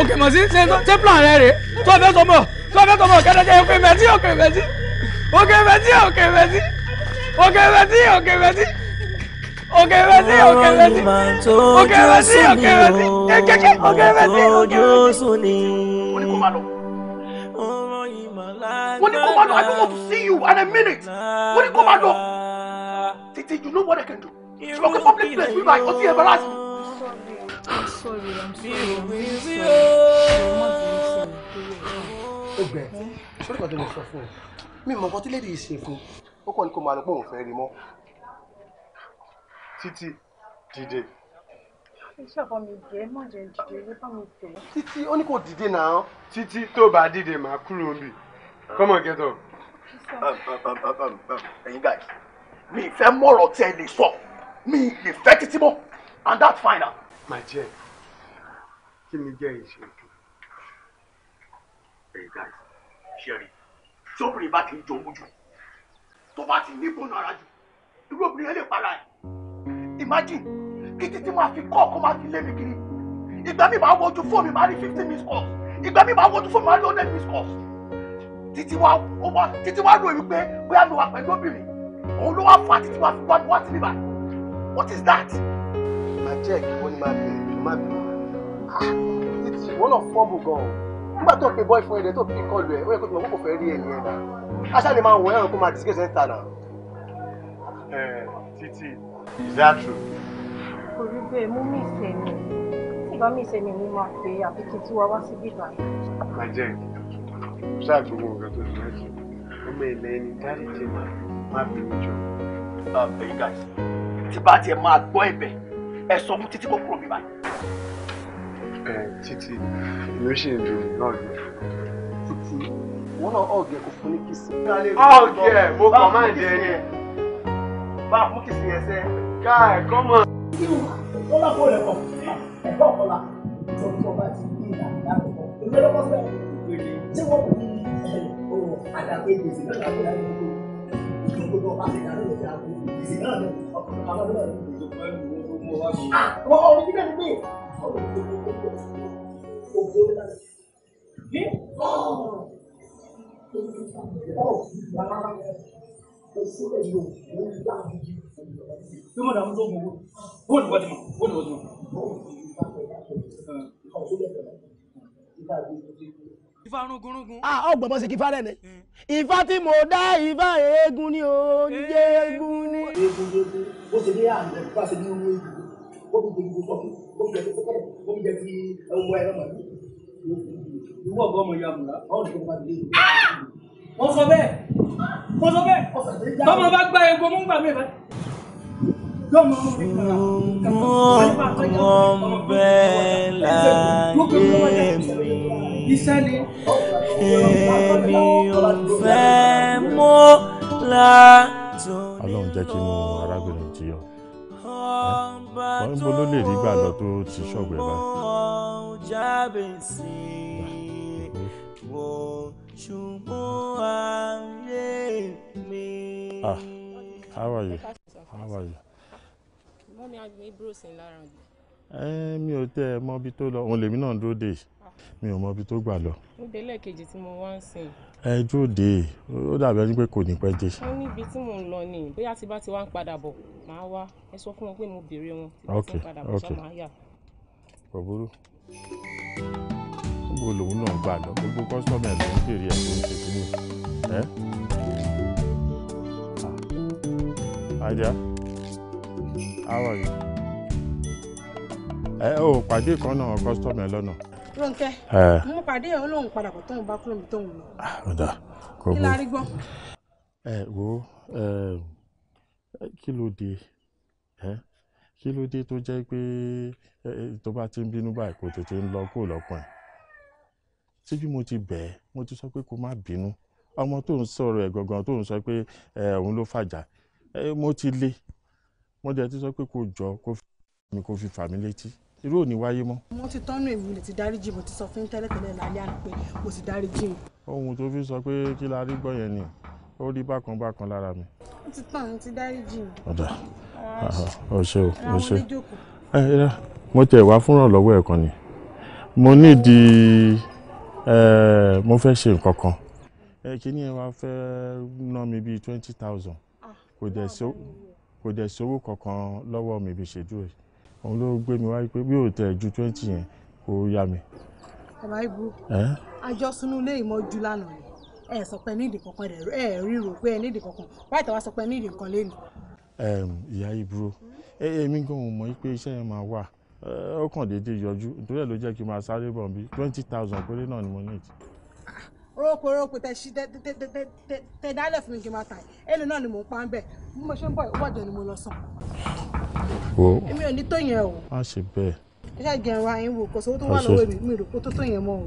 òkè mọ̀ sí ṣe plan rẹ rè tó o fẹ́ sọ mọ̀ tó o fẹ́ sọ mọ̀ kẹ́tẹ́jẹ́ òkè mẹ́tí òkè mẹ́tí òkè mẹ́tí òkè mẹ́tí òkè mẹ́tí òkè mẹ́tí òkè mẹ́tí òkè mẹ́tí òkè mẹ́tí òkè mẹ́tí kẹ́kẹ́ òkè mẹ́tí òkè mẹ́tí. wọ́n ní kó má lọ wọ́n ní kó má lọ I don't want to see you in a minute wọ́n ní kó má lọ tètè you know what I can do. It's not a public place, we might not embarrass me. I'm sorry, I'm sorry, I'm really sorry. Ọgbẹ́, sọ́rí kan tó lè sọ fún ẹ. Mi mọ̀ nǹkan tí lédi yìí ṣe fún. Ó kàn ní kó máa lọ pé òun fẹ́ rí mọ́. Títí dìde. Iṣẹ́ ọkọ mi jẹ́ má jẹ́ dìde, ilé bá mi tẹ̀. Títí ó ní kò dìde náà. Títí tó Come on, get up. Ẹ̀yin guys, mi ìfẹ́ mọ̀rọ̀ tẹ́ lè sọ, mi ìfẹ́ títí mọ́, and that's final my dear kí ni jẹ́ ìṣèjú. Hey guys ṣẹ́rí tóbìnrin bá ti ń jowú jù tó bá ti ní bọ́ọ̀nù ara jù irú obìnrin yẹn lè para ẹ̀ imagine kí títí máa fi kọ́ ọ̀kọ́ máa fi lé mi kiri ìgbà mi máa wojú fóònù máa rí fifty miss calls ìgbà mi máa wojú fóònù máa rí hundred miss calls títí wá ó wá títí wá lóye wípé bóyá mi wà pẹ̀lú obìnrin òun ló wá fà títí wá fi wá mi wá sí mi báyìí what is that máa jẹ́ ìwọ ni máa bèrè tó máa bèrè títí ìwọ náà fọ́ọ̀mù gan-an nígbà tó pe bọ́ ìfún ẹ̀rẹ́ tó fi kọlu ẹ̀ ó yẹ kó tìmọ̀ kókò fẹ́ rí ẹ̀yìn ẹ̀ náà aṣá ni máa wọ̀ ẹ̀ràn kó máa disgrace ẹ̀ náà. ẹ títí is that true. kò rí bẹ́ẹ̀ mú mi ìsẹ̀mí tí ìbá mi ìsẹ̀mí mi máa pe àbíkí tí wàá wá sí bíbá. máa jẹ́ ìgbìyànjú ṣáà gbogbo nǹkan tó ti mẹ́sì ọmọ ilẹ̀ ẹni dáríjì máa bí mi jọ. ọ̀bẹ̀ uh, guys tí bá tiẹ̀ máa gbọ́ ẹ̀bẹ̀ ẹ sọ fún títí kó kúrò mi báyìí. ẹ títí èmi ṣì ń dùn náà ni. títí wọn náà ọ̀gẹ̀ kò fún ní kìsì. ọ̀gẹ̀ mo kàn máa ń jẹ ẹni ẹ bá a fún kìsì yẹn sẹ ká ẹ kọ́ mọ̀. wọ́n lápò rẹ̀ kọ̀ ẹ̀gbọ́n kọ́lá nítorí tó bá ti ní ìlànà ìdáàbòbò ìwé lọ́kọ́ sẹ́yìn tí wọ́n kò ní àdàpé gbèsè náà lápò rẹ̀ kọ̀ ìjọba bá ti dáná lọ́jà àgbo gbèsè náà lọ́ wọ́n ọ̀rọ̀ bí bẹ́ẹ̀ ni pé ọ̀rọ̀ tó ń bọ̀ ògbó náà. Ní ọ̀rọ̀ tó ń bọ̀ rungunrungun. A ọ gbọ́dọ̀ sí kífá rẹ̀ ni. Ifá tí mo dá ifá eégún ni o, yéégún ni. Eégún yéégún, ó ṣe ní àná, ó ṣe ní owó eégún omi jẹ gbogbo sọ́ọ̀mù omi jẹ gbogbo sọ́ọ̀mù omi jẹ ti ẹwọ ẹ̀rọ màlúù. ìwọ ọgbọ ọmọ ya mùlá ọrùn tó bá dé. wọ́n sọ bẹ́ẹ̀ wọ́n sọ bẹ́ẹ̀ tọ́mọ bá gba egbò mú gbà mí Ọlọ́run jẹ́ kí n mú wa wọ́n ń lè rí lọ tó ti ṣọ́ọ̀bù báyìí. Ah, how are you how are you. mi ò tẹ ẹ tó lọ òun lèmi náà dúró dè mi ò mọ tó gbà lọ. ó délẹ̀ kejì tí mo wá ń sìn. ẹ dúró de ó dàbí ẹni pé kò ní pẹ́ dé. ó ní tí mò ń lọ ni bóyá tí bá ti wá ń padà bọ̀ wá ẹ sọ fún wọn pé mo wọn tí bá ti ń padà bọ̀ yà. kò burú gbogbo lòun náà gbà lọ gbogbo kọ́sítọ́mù ẹ̀ ló ń ẹ̀ ń ṣe ah. ajá ẹ ò pàdé kan náà kọ́sítọ́mù Rónkẹ́ mo pàdé ẹ̀ olóhùn padà kó tóun bá kúrò mi tóun lọ. ọ̀dà ah, kò bó kí ẹ wo kí ló dé kí ló dé tó jẹ́ pé tó bá ti ń bínú báyìí kò tètè ń lọ kó lọ́kàn ẹ̀ tí bí mo ti bẹ̀ ẹ́ mo ti sọ pé kó má bínú ọmọ tó ń sọ̀rọ̀ ẹ̀ gangan tó ń sọ pé òun ló fàjà mo ti le mo dẹ̀ ti sọ pé kó jọ kó fi fà létí irú òní wáyé mọ́. wọ́n ti tọ́nu ìwúlẹ̀ ti dáríjì mo ti sọ fún tẹ́lẹ̀tẹ́lẹ̀ lálẹ́ àná pé mo ti dáríjì. ohun tó fi sọ pé kí la rí gbọ́ yẹn ni ó rí bákan bákan lára mi. ó ti tán ó ti dáríjì. ọ̀dà ó ṣe ó ṣe mo tẹ̀ wá fúnrànlọ́wọ́ ẹ̀ kan ni mo nídìí mo fẹ́ ṣe nǹkan kan kíní ẹ wá fẹ́ ná mi bíi twenty thousand ah, kò dẹ̀ sówó kankan lọ́wọ́ mi bí ṣe dúró yìí òun ló gbé mi wáyé pé bí ò tẹ̀ ju twenty yẹn kò yá mi. bàbá ibu àjọsùnú lé ìmọ̀jú lánàá ni ẹ sọ pé nídìí kankan rẹ ẹ ríro pé ẹ nídìí kankan wáyé tàwa sọ pé nídìí kan lé ni. ìyá iburo èmi gan ò mọ̀ pé iṣẹ́ yẹn máa wà ó kàn déédéé yọjú ìtòlẹ́ ló jẹ́ kí n máa sáré bọ̀ bí twenty thousand péré náà ni mo ní ìtì rọ́pò rọ́pò tẹ ṣí tẹ dálẹ̀ fún mi kí n máa tà èlò náà ni mò ń pa ń bẹ̀ bí mo ṣe ń bọ̀ ìwọ́de ni mo lọ sàn. èmi ò ní tó yẹn o. má ṣe bẹ́ẹ̀. ẹ ṣáà jẹun ra yín wò kò sówó tó wà lọ́wọ́ mi mi rò kó tó tó yẹn mọ́ o.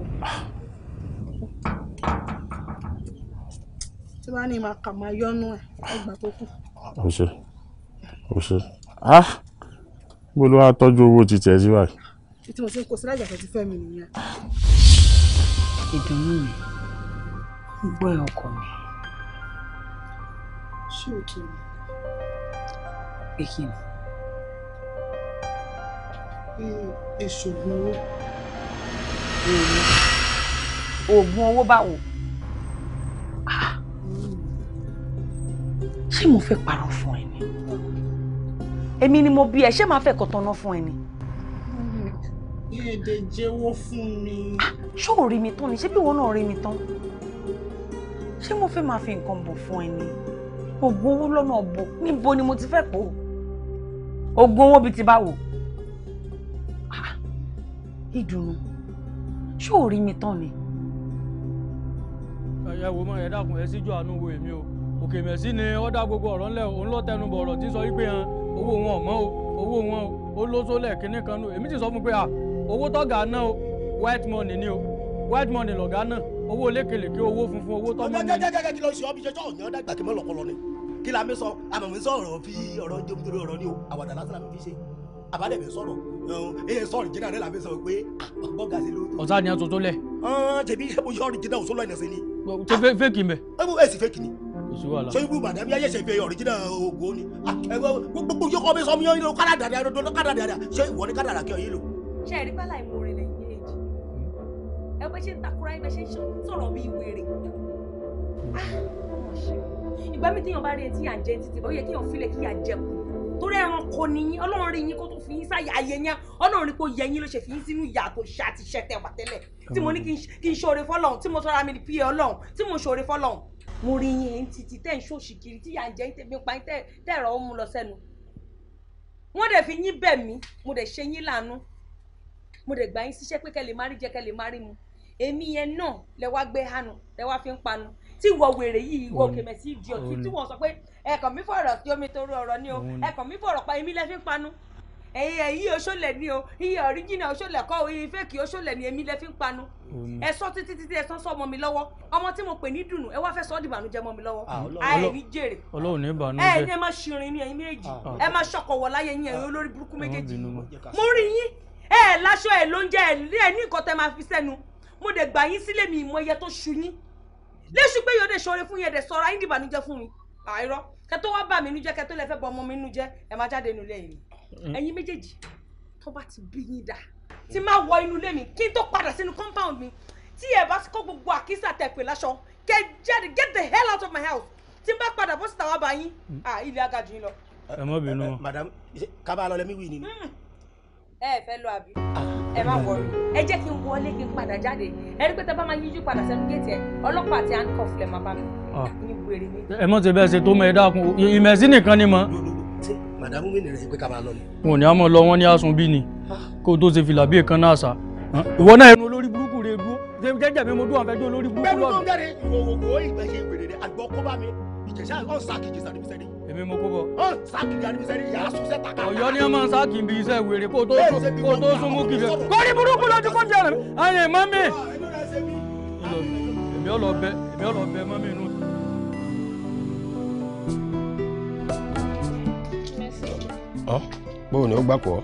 tí wàá ní ma kà máa yọnu ẹ ọgbà tó kù. o ṣe o ṣe ah bó ló wá tọ́jú owó ti tẹ̀ sí báyìí. tí mo ṣe ń kó ti fẹ́ mi nìyẹn. ìdùnnú mi gbọ́ ẹ̀ ọkọ mi. ṣé o tó lọ. pé kí ni. pé èso oògùn owó. oògùn owó báwo. Ah. ṣé mo fẹ́ parọ́ fún ẹ ni. èmi ni mo bí ẹ ṣé màá fẹ́ kọ̀tọ̀nà fún ẹ ni. ní jẹ́wọ́ fún mi. Ah, ṣó o rí mi tán ni ṣé bí wọn náà rí mi tán ṣé mo fẹ́ máa fi nǹkan bò fún ẹ ni ògùn owó lọ́nà ọ̀bọ níbo ni mo ti fẹ́ pò ògùn owó bíi ti báwo ìdùnnú ṣé ò rí mi tán ni. ẹyẹ wo mọ ẹ dákun ẹ síjú àánú wo èmi o òkè mẹsì ni ó dá gbogbo ọ̀rọ̀ ńlẹ̀ òun lọ tẹnu bọ̀ ọ̀rọ̀ tí ń sọ wípé hàn owó wọn ò o owó wọn o ó lóso lẹ́ẹ̀kínní kan nù èmi ti sọ fún pé owó tọ́gà náà o white money ni o white money lọ̀gá náà owó lékelèké owó funfun owó tọ́mọ ni. gẹ́gẹ́gẹ́gẹ́ kí ló ṣe ọ́bí ṣẹjọ́ òní ọ̀dàgbà kí mọ́ lọ́pọ̀lọ́ ni kí la mi sọ àmọ̀mí sọ ọ̀rọ̀ fi ọ̀rọ̀ jẹun torí ọ̀rọ̀ ni o àwàdà lásán mi fi ṣe àbálẹ̀ mi sọ̀rọ̀ ẹ sọ̀rọ̀ jìnnà rẹ̀ la mi sọ pé ọ̀gá sí ló. ọ̀tá ni a tó tó lẹ̀. tẹ̀bí mo ṣe ọ̀rọ̀ jìnnà òṣòlò ẹ̀nà sí ni. ṣe fẹ́ẹ̀kì mẹ́. ẹ sì fẹ́ẹ̀kì ni. sọ ibú bàdà bí ayé ṣe fi ọ̀rọ̀ jìnnà ògùn ni. gbogbo yóò kọ́ mi sọ mi yóò kádàdà ṣe ìwọ ni kádàdà kí ọ yé lò. ṣe é rí bá láì mú bẹ́ẹ̀ bẹ́ẹ̀ ṣe ń takura ẹ bẹ́ẹ̀ ṣe ń sọ̀rọ̀ bíi wèrè ah, ìgbà mi téèyàn bá rí etí yà ń jẹ títí báyọ̀ kéèyàn filẹ̀ kí yà jẹun torí ẹranko nìyí ọlọ́run rí yín kó tó fi yín sáyà ayé yẹn ọlọ́run rí pé ó yẹ yín ló ṣe fi yín sínú ìyà tó ṣe àti iṣẹ́ tẹ̀ wá tẹ́lẹ̀ tí mo ní kí n ṣoore fọlọ́run tí mo tọ́ra mi pí ọlọ́run tí mo ṣoore fọlọ́run mo rí yín ẹ̀ ń títí tẹ́ ń ṣòṣì kiri tí yà ń jẹ ń tẹ̀mí pa ń tẹ̀ ẹ̀rọ ó mu lọ sẹ́nu wọ́n dẹ̀ fi yín bẹ̀ mí mo dẹ̀ ṣe yín láàánú mo dẹ̀ gbà yín síṣẹ́ pé kẹ́ lè má rí jẹ kẹ́ lè má rí mu èmi yẹn náà lẹ wá gbé hànú lẹ wá fi ń panu tí wọ wèrè yìí ìwọ kèmẹ sí ìdí ọtí tí wọn sọ pé ẹkàn mi fọ̀rọ̀ tí omi torí ọ̀rọ̀ ni o ẹkàn mi fọ̀rọ̀ pa èmi lẹ fi ń panu ẹyin ẹyin oṣoolẹ ni o iye ọríjìnà oṣoolẹ kọ iye fẹẹkì oṣoolẹ ni èmi lẹ fi ń panu ẹsọ títí títí ẹsọ sọ ọmọ mi lọ́wọ́ ọmọ tí mo pè ní dùnú ẹ wá fẹ́ sọ ọ dìbànújẹ́ mọ́ mi lọ́wọ́ ah, àìní jèrè Ọlọ́run ní ìbànújẹ́ ẹ ní ah, ẹ má ṣirin ní ẹyin méjèèjì ẹ má ṣọkọwọ láyé yín ẹyin ah, olórí burúkú méjèèjì mo rí yín ẹ láṣọ ẹ lóúnjẹ ẹ ní nǹkan tẹ máa fi sẹ́nu mo dẹ̀ gbà yín sílé mi ìmọ̀ye tó ṣu yín léṣu pé yóò dé ṣọre fún yẹn dẹ̀ sọ̀rọ̀ ayé dìbànújẹ́ fún mi àìrọ́ kẹ tó wá bà mí nínú jẹ́ kẹ tó lẹ fẹ́ bọ ọmọ mi nínú jẹ́ ẹ máa jáde nínú ilé yìí mm. ẹ̀yin méjèèjì tó bá ti bí yín dà tí máa wọ inú ilé mi kí n tó padà sínú compound mi tí ẹ bá kó gbogbo àkísà tẹ pè láṣọ kẹ jáde get the hell out of my house tí n bá padà bó sì tàwa bá yín mm. ilé agajù yín lọ. ẹ mọ bínú. madam kábàá lọ lẹ́mí wí nínú ẹ fẹ́ lọ àbí ẹ má wọrí ẹ jẹ́ kí n wọlé kí n padà jáde ẹ rí pé tẹ bá máa yíjú padà sẹ́nu géètì ẹ ọlọ́pàá àti handcuff lẹ̀ máa bá mi ah. ní wèrè ni. ẹ mọ̀ ti bẹ́ẹ̀ ṣe tó mọ ẹ dákun ìmẹ̀sí nìkan ni mọ́. màdàmú mi nìrẹ̀ pé ká máa lọ ni. wọn ò ní àmọ́ lọ wọn ní asun bí ni ah. kó o tó ṣe fìlà bí èèkan náà sá ìwọ náà ẹnu olórí burúkú rẹ dúró jẹjẹrẹ mi mo dúró àwọn fẹjọ olórí burúkú lọ. bẹ́ẹ̀ni tó ń jáde ìwòwò kẹsà ọ sáàkì kìsà níbi sẹni. èmi mo kó bọ. ọ sáàkì kìsà níbi sẹni yàrá sùn sẹta ká. ọyọ ni a máa ń sáàkì bí iṣẹ wèrè kó tó kó tó sunmú kìsẹ. kọ́ni burúkú lọ́jọ́ kó jẹ́ rẹ̀ ayé mami. èmi ò bẹ èmi ò lọ bẹ mami inú. ọ bóun ni ó gbà pọ̀.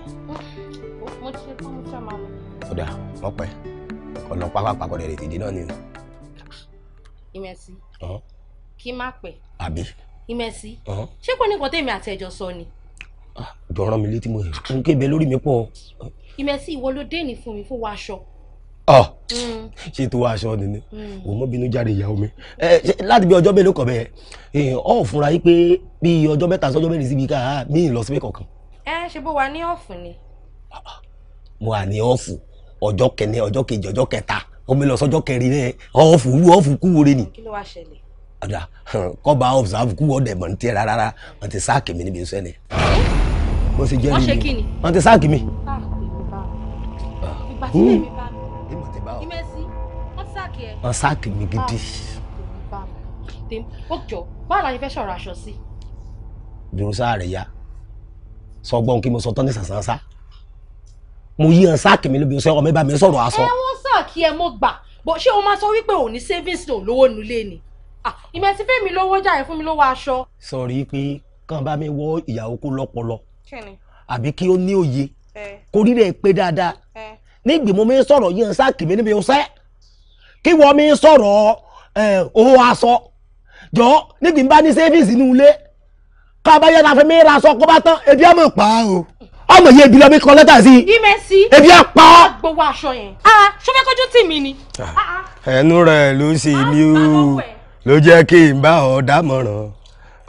mo ti kọ́ mo ṣe máa lọ. kódà wọ́n ọ̀nà pápá pàkọ́dẹ̀ rẹ̀ ti di náà ni. ìmẹ̀sì kí má pẹ́. àbí. ìmẹ̀sí ṣé kò ní nǹkan tèmi àti ẹ̀jọ̀ sọ ni. jọ̀ràn mi létí mo yẹ fún kébẹ lórí mi pọ̀. ìmẹ̀sí ìwọ ló dé ní fún mi fún wa aṣọ. ọ mm. ṣe tó wá aṣọ nìyẹn mm. wò mọ bínú jáde ìyàwó mi láti bí ọjọ́ mélòó kọ̀ bẹ́ẹ̀ eh, ọ̀ fúnra yí pé bí ọjọ́ mẹ́ta sọ́jọ́ mẹ́rin síbi ká ah, mi ì lọ síbẹ̀ kankan. ẹ ṣe bó wa ní ọ̀fù ni. mo wà ní ọ̀fù ọjọ́ kẹne ọjọ́ kejì ọjọ́ kẹta omi lọ sọ́jọ́ kẹrin náà ọ̀fù wú ọ̀fù kúwore ni. kí ló wá ṣẹlẹ̀ ọ̀dà kọ́ba observe kú ọ̀dẹ̀ mọ̀ ní tiẹ̀ rárá wọ́n ti sáàkì mi níbi iṣẹ́ ni. wọ́n ṣe jẹ́ mi wọ́n ti sáàkì mi. Ah, ah. wọ́n sáàkì mi gidi. Ah, ó jọ báwo la ṣe fẹ́ sọ̀rọ̀ aṣọ sí. dùrù sáà rẹ̀ ya sọ gbọ́n kí mo sọ tán ní sànsán sá mo yí hàn sáàkì mi níbi iṣẹ́ ọmọ ẹ bá mi sọ̀rọ̀ aṣọ. ẹ wọ́n sáàkì ẹ mo gbà bó ṣé o máa sọ wípé òní savings ló lówó nulẹ̀ ni. Ah, ìmẹ̀sí fẹ́mi lówó jàre fún mi lówó aṣọ. sọ̀rí pé kàn bá mi wọ ìyàwó kó lọ́pọlọ àbí kí ó ní òye kó rí rẹ̀ pé dáadáa nígbì mo mi ń sọ̀rọ̀ yín sá kìmí níbi ọ̀sẹ́ kí wọ́n mi ń sọ̀rọ̀ owó aṣọ jọ nígbì ń bá ní sẹ́fíìsì ní ilé ká bá yára fún mi ra aṣọ kó bá tán ebi á pa o ọmọ yìí ebi lọ́mí kan lẹ́tà sí i Ìmẹ̀sí ebi á gbogbo aṣọ yẹn ah, ṣọfẹ́ kọjú tì mí ni. Ah. ẹnu rẹ̀ ló ṣe mí o ló jẹ́ kí n bá ọ dámọ̀ràn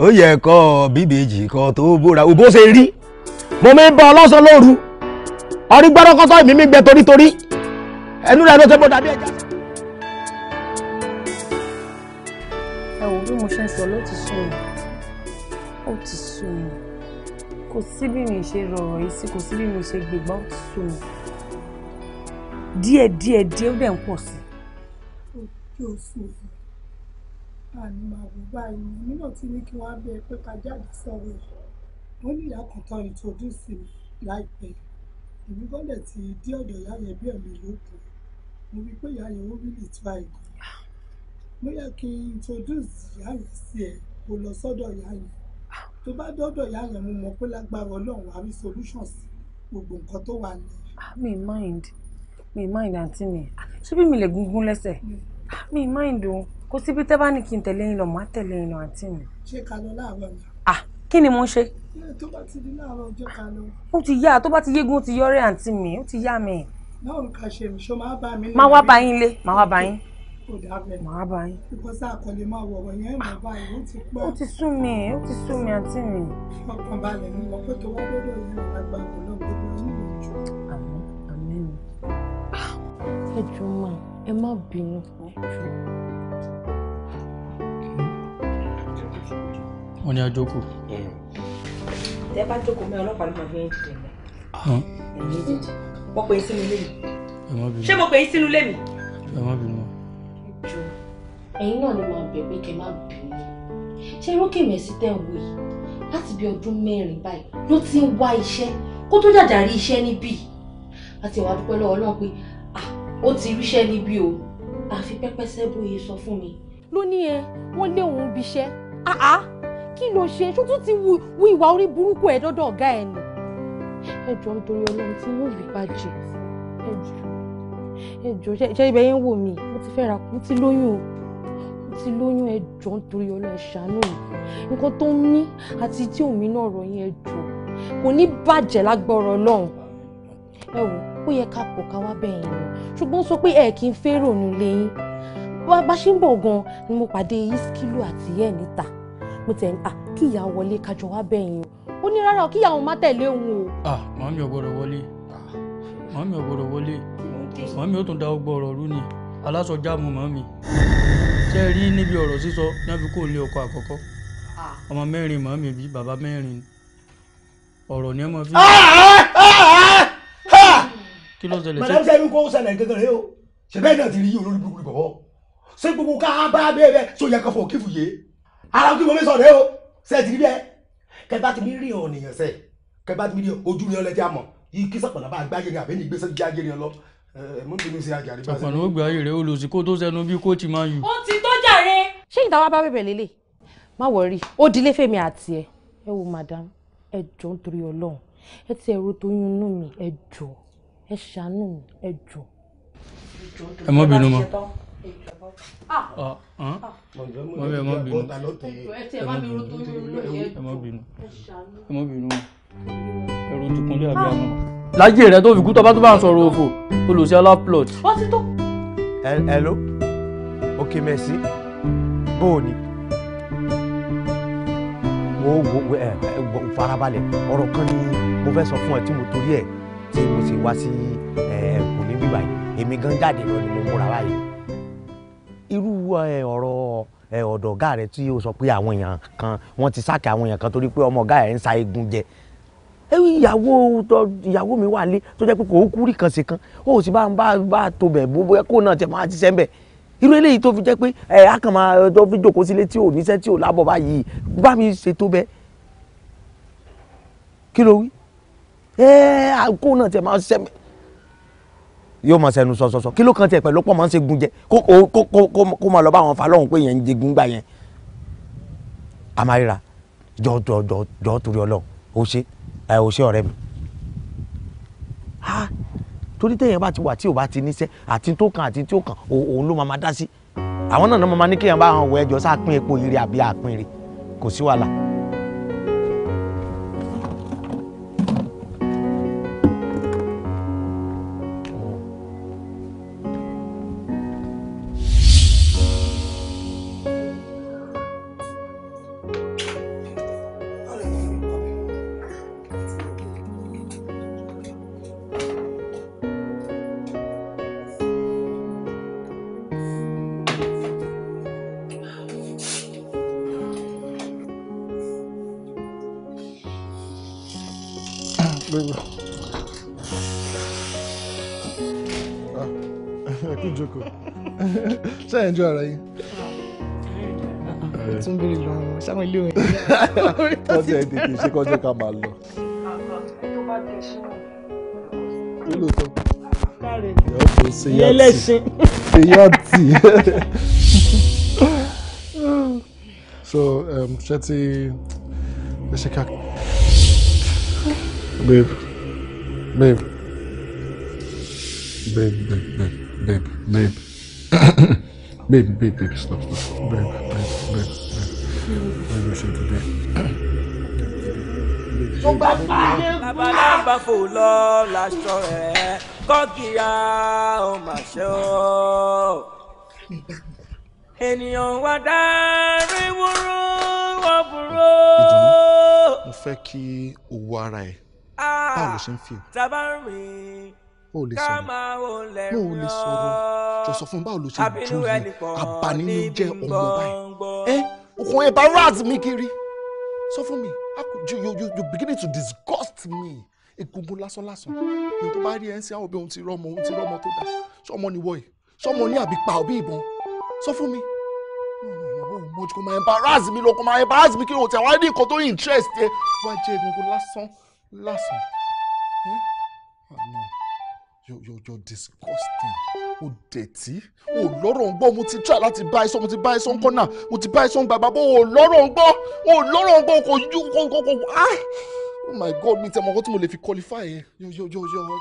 ó yẹ kọ́ ọ bíbejì kan tó bóra òbó ṣe rí mo mi ń bọ ọlọ́sọ lóru ọrí gbọ́dọ̀kọ́tọ̀ ìmí mi gbẹ torítorí ẹnu rẹ ló ṣe bó dàbí ẹja. ẹ wo bí mo ṣe ń sọ ló ti sùn mí ó ti sùn mí kò sí bí mi ṣe rọ̀rọ̀ yìí sí kò sí bí mi ṣe gbègbà ó ti sùn mí díẹ̀ díẹ̀ ó dẹ̀ ń pọ̀ sí i àní máa wò báyìí ní kí wọ́n á bẹ pé ká jáde sọ̀rọ̀ ẹ̀ ó ní ìyá kan láìpẹ́ èmi gbọ́dọ̀ ti dé ọ̀dọ̀ ìyá bí ẹ̀mí lókun mo rí i pé ìyá ó rí lè try gan mo yẹ kí n introduce ìyá sí ẹ kó lọ sọ́dọ̀ ìyá tó bá dọ́dọ̀ ìyá mo mọ̀ pé lágbára ọlọ́run wàá rí solution sí gbogbo nǹkan tó wà ní. Ah, mi mind mi mind àǹtí mi ṣé bí mi lè gungun lẹ́sẹ̀ ah, mi mind o. Oh kò síbi tẹ́ bá ní kí n tẹ̀lé yín lọ màá tẹ̀lé yín lọ àǹtí mi. ṣé ká lọ láàárọ̀ ọ̀la. ah kí ni mo ṣe. tó bá ti di láàárọ̀ ọjọ́ ká lọ. ó ti yá tó bá ti yégun ó ti yọrẹ àǹtí mi ó ti yá mi. báwo ni ká ṣe mi ṣó máa bá mi lé. máa wá bá yín lé máa wá bá yín. kò dábẹ́ máa wá bá yín. ìkọsá àkọlé máa wọ̀wọ̀ yẹn mọ̀ báyìí ó ti pẹ́. ó ti sún mi ó ti sún mi àǹtí mi. ọkàn balẹ̀ ni mo pé tó wá lọ́dọ̀ yìí ẹ má bínú ẹ jọ̀ọ́. wọ́n ní àjókòó. tẹ bá jókòó mẹ ọlọ́pàá ló máa fi ń dìde mẹ. mo pè é sínú ilé mi. ṣé mo pè é sínú ilé mi. ẹ má bínú. ẹ̀yin náà ló máa bẹ̀ pé kẹ́ má bínú ṣé rókè mẹ́sì tẹ̀ wò yìí láti bí ọdún mẹ́rin báyìí ló ti ń wá iṣẹ́ kó tó jàjàrí iṣẹ́ níbí àti ìwà dúpẹ́ lọ́wọ́ náà pé ó ti ríṣẹ́ níbí o àfi pẹ́pẹ́sẹ́ bóyá sọ fún mi. ló ní ẹ wọ́n lé òun bíṣẹ́ àá ah, ah. kí ló ṣe ṣó tún ti wu ìwà orí burúkú ẹ̀ dọ́dọ̀ ọ̀gá ẹ̀ ni. ẹjọ́ nítorí Ọlọ́run tí yóò rí bàjẹ́ ẹjọ́ ẹjọ́ ṣe ibẹ̀ yẹn wò mí mo ti fẹ́ ra kú ti lóyún o ti lóyún ẹjọ nítorí ọlọ ẹṣánú mi nǹkan tó ń mí àti tí òmí náà rọ yín ẹjọ kò ní bàjẹ́ lágbọ́rọ̀ Ọlọ́run ẹ wò ó yẹ ká pọ̀ ká wá bẹ̀yìn ni ṣùgbọ́n sọ pé ẹ kì í fẹ́ rònú lẹ́yìn bá ṣe ń bọ̀ gan ni mo pàdé iskilu àti ẹ̀ níta mo tẹ̀ ní à kí ìyá wọlé kájọ wá bẹ̀yìn o ó ní rárá o kí ìyá wọn má tẹ̀lé òun o. màmí ò gbọ́dọ̀ wọlé màmí ò gbọ́dọ̀ wọlé màmí ó tún da ọgbọ́ ọ̀rọ̀ rú ni alásọjá mu màmí ṣe rí níbi ọ̀rọ̀ sísọ ní àfikún ilé ọkọ àkọ́kọ́ ọmọ mẹ́rin màmí bí bàbá mẹ́rin ọ̀rọ̀ ni ẹ máa fi. kí ló ṣẹlẹ̀ sí. màdàmú sẹ́yìn kó ṣẹlẹ̀ gẹ́gẹ́ o ṣẹ̀bẹ́ náà ti rí olórí burúkú bọ̀bọ̀ gbogbo ká bá bẹ́ẹ̀ bẹ́ẹ̀ sọ yẹ kẹfọ́ kífù yé ara ojú mi sọ rẹ o ṣe ti rí bẹ́ẹ̀ kẹba ti rí rí ọ̀nìyàn sẹ kẹba ti rí ojú rí ọlẹ́tí àmọ́ yìí kí sọ̀pọ̀nà bá gbá yẹrẹ àbẹ́ni gbèsè gbá yẹrẹ lọ mú bínú sí ajá rí bá sẹ́yìn. sọ̀pọ̀nà ó gbà yẹrẹ olùsí kó tó sẹnu bí kó ti máa yù. ó ti tó jàre. ṣé ìta wa bá bẹ̀bẹ̀ lélẹ̀ má wọrí ó dilé fèmí àti ẹ ẹ wo madam ẹ jọ nítorí Ọlọ́run ẹ ti ẹrù tó yún inú mi ẹ jọ ẹ ṣàánú mi ẹ jọ. ẹ mọ bínú mọ mọ bẹ mọ bínú ẹ mọ bínú ẹ mọ bínú ẹrù ti kúnlẹ̀ àbí àná. Ah. láyé rẹ tó fi kú tọ́ba tó bá ń sọ̀rọ̀ òfò olùsí aláplọ̀t. wọ́n ti tó. hello Mo merci bó o ní wo wo ẹ farabalẹ̀ ọ̀rọ̀ kan ni mo fẹ́ sọ fún ẹ tí mo torí ẹ tí mo sì wá sí ẹ kò ní bíbáyìí èmi gan jáde lọ ni mo múra báyìí irú eh, ọ̀rọ̀ eh, ọ̀dọ̀ ọ̀gá rẹ tí o sọ pé àwọn èèyàn kan wọ́n ti sáàkì àwọn èèyàn kan torí pé ọmọ ọ̀gá rẹ ń sa egun jẹ ìyàwó ìyàwó mi wà lé tó jẹ́ pé kò kú rí kan sí kan ó sì bá ń bá bá tó bẹ̀ bó bóyá kó náà tẹ̀ máa ti sẹ́ńbẹ̀ irú eléyìí tó fi jẹ́ pé ẹ̀ eh, á kàn máa tó fi jókòó sílé tí ò níṣẹ́ tí ò lábọ̀ báyìí bá mi ṣe tó bẹ́ẹ̀ kí ló wí ẹ̀ kó náà tẹ̀ máa sẹ́ńbẹ̀ yóò mọ sẹnu sọsọsọ kí ló kàn tiẹ̀ pẹ̀lú pọ̀ mọ́ ṣe gun jẹ kó kó kó kó máa lọ bá àwọn fa lọ́hùn pé yẹn ń jẹ gun gbà yẹn amáríra jọ jọ jọ jọ torí Ọlọ́run o ṣe ẹ o ṣe ọ̀rẹ́ mi ha ah! torí téèyàn bá ti wà tí o bá ti níṣẹ́ àti tó kàn àti tí ó kàn òun ló máa máa dá sí àwọn náà náà máa ní kéèyàn bá àwọn òwe ẹjọ́ sáà pín epo ire àbí àpín ire kò sí wàhálà. yanjú ọ̀rọ̀ yìí. ó tún béèrè lọ wọn sáwọn ilé òun. kọ́ńtà ẹ̀ tètè ṣe kọ́ńtà ká máa lọ. kí ló sọ. yọ kò ṣe yọtì ṣe ká. babe babe, babe, babe, babe, babe. Baby, baby, baby, stop, stop. Baby, baby, baby, baby. Baby, ṣe tó dé. Tó bá fàyè wá. Babalábá fò lọ láṣọ rẹ̀, kọ́kìá ó mà ṣe ọ́. Ènìyàn wá dárí wúrú wọ́n burú. Ìdùnnú, mo fẹ́ kí o wo ara ẹ̀. Báwo ló ṣe ń fi? Ah, Tábà rìn o lè sọ̀rọ̀ mo ò lè sọ̀rọ̀ jọ sọ fún báwo ló ṣe dùn yìí abaninújẹ́ ọmọ báyìí ẹ òkun ẹ̀ bá rat mi kiri sọ fún mi you you you beginning to disgust me egungun lásán lásán èyí tó bá rí ẹ ń sin àwọn òbí òun ti rọmọ òun ti rọmọ tó dà sọmọ ni wọ̀nyí sọmọ ní àbí pa òbí ìbọn sọ fún mi mojú kò máa embarrass mi lọ kò máa embarrass mi kí o tẹ̀ wá ní nǹkan tó interest ẹ wá jẹ́ egungun lásán lásán. You you you're disgusting o dẹ̀tí o lọ́rọ̀ ń gbọ́ mo ti try láti bá ẹ sọ mo ti bá ẹ sọ ń kọ́nà mo ti bá ẹ sọ ń gbàgbà bọ́ o lọ́rọ̀ ń gbọ́ o lọ́rọ̀ ń gbọ́ kò yú kò kò kò ah oh my god mi tẹ ọmọ kan tí mo lè fi qualify ẹ yo yo yo yo no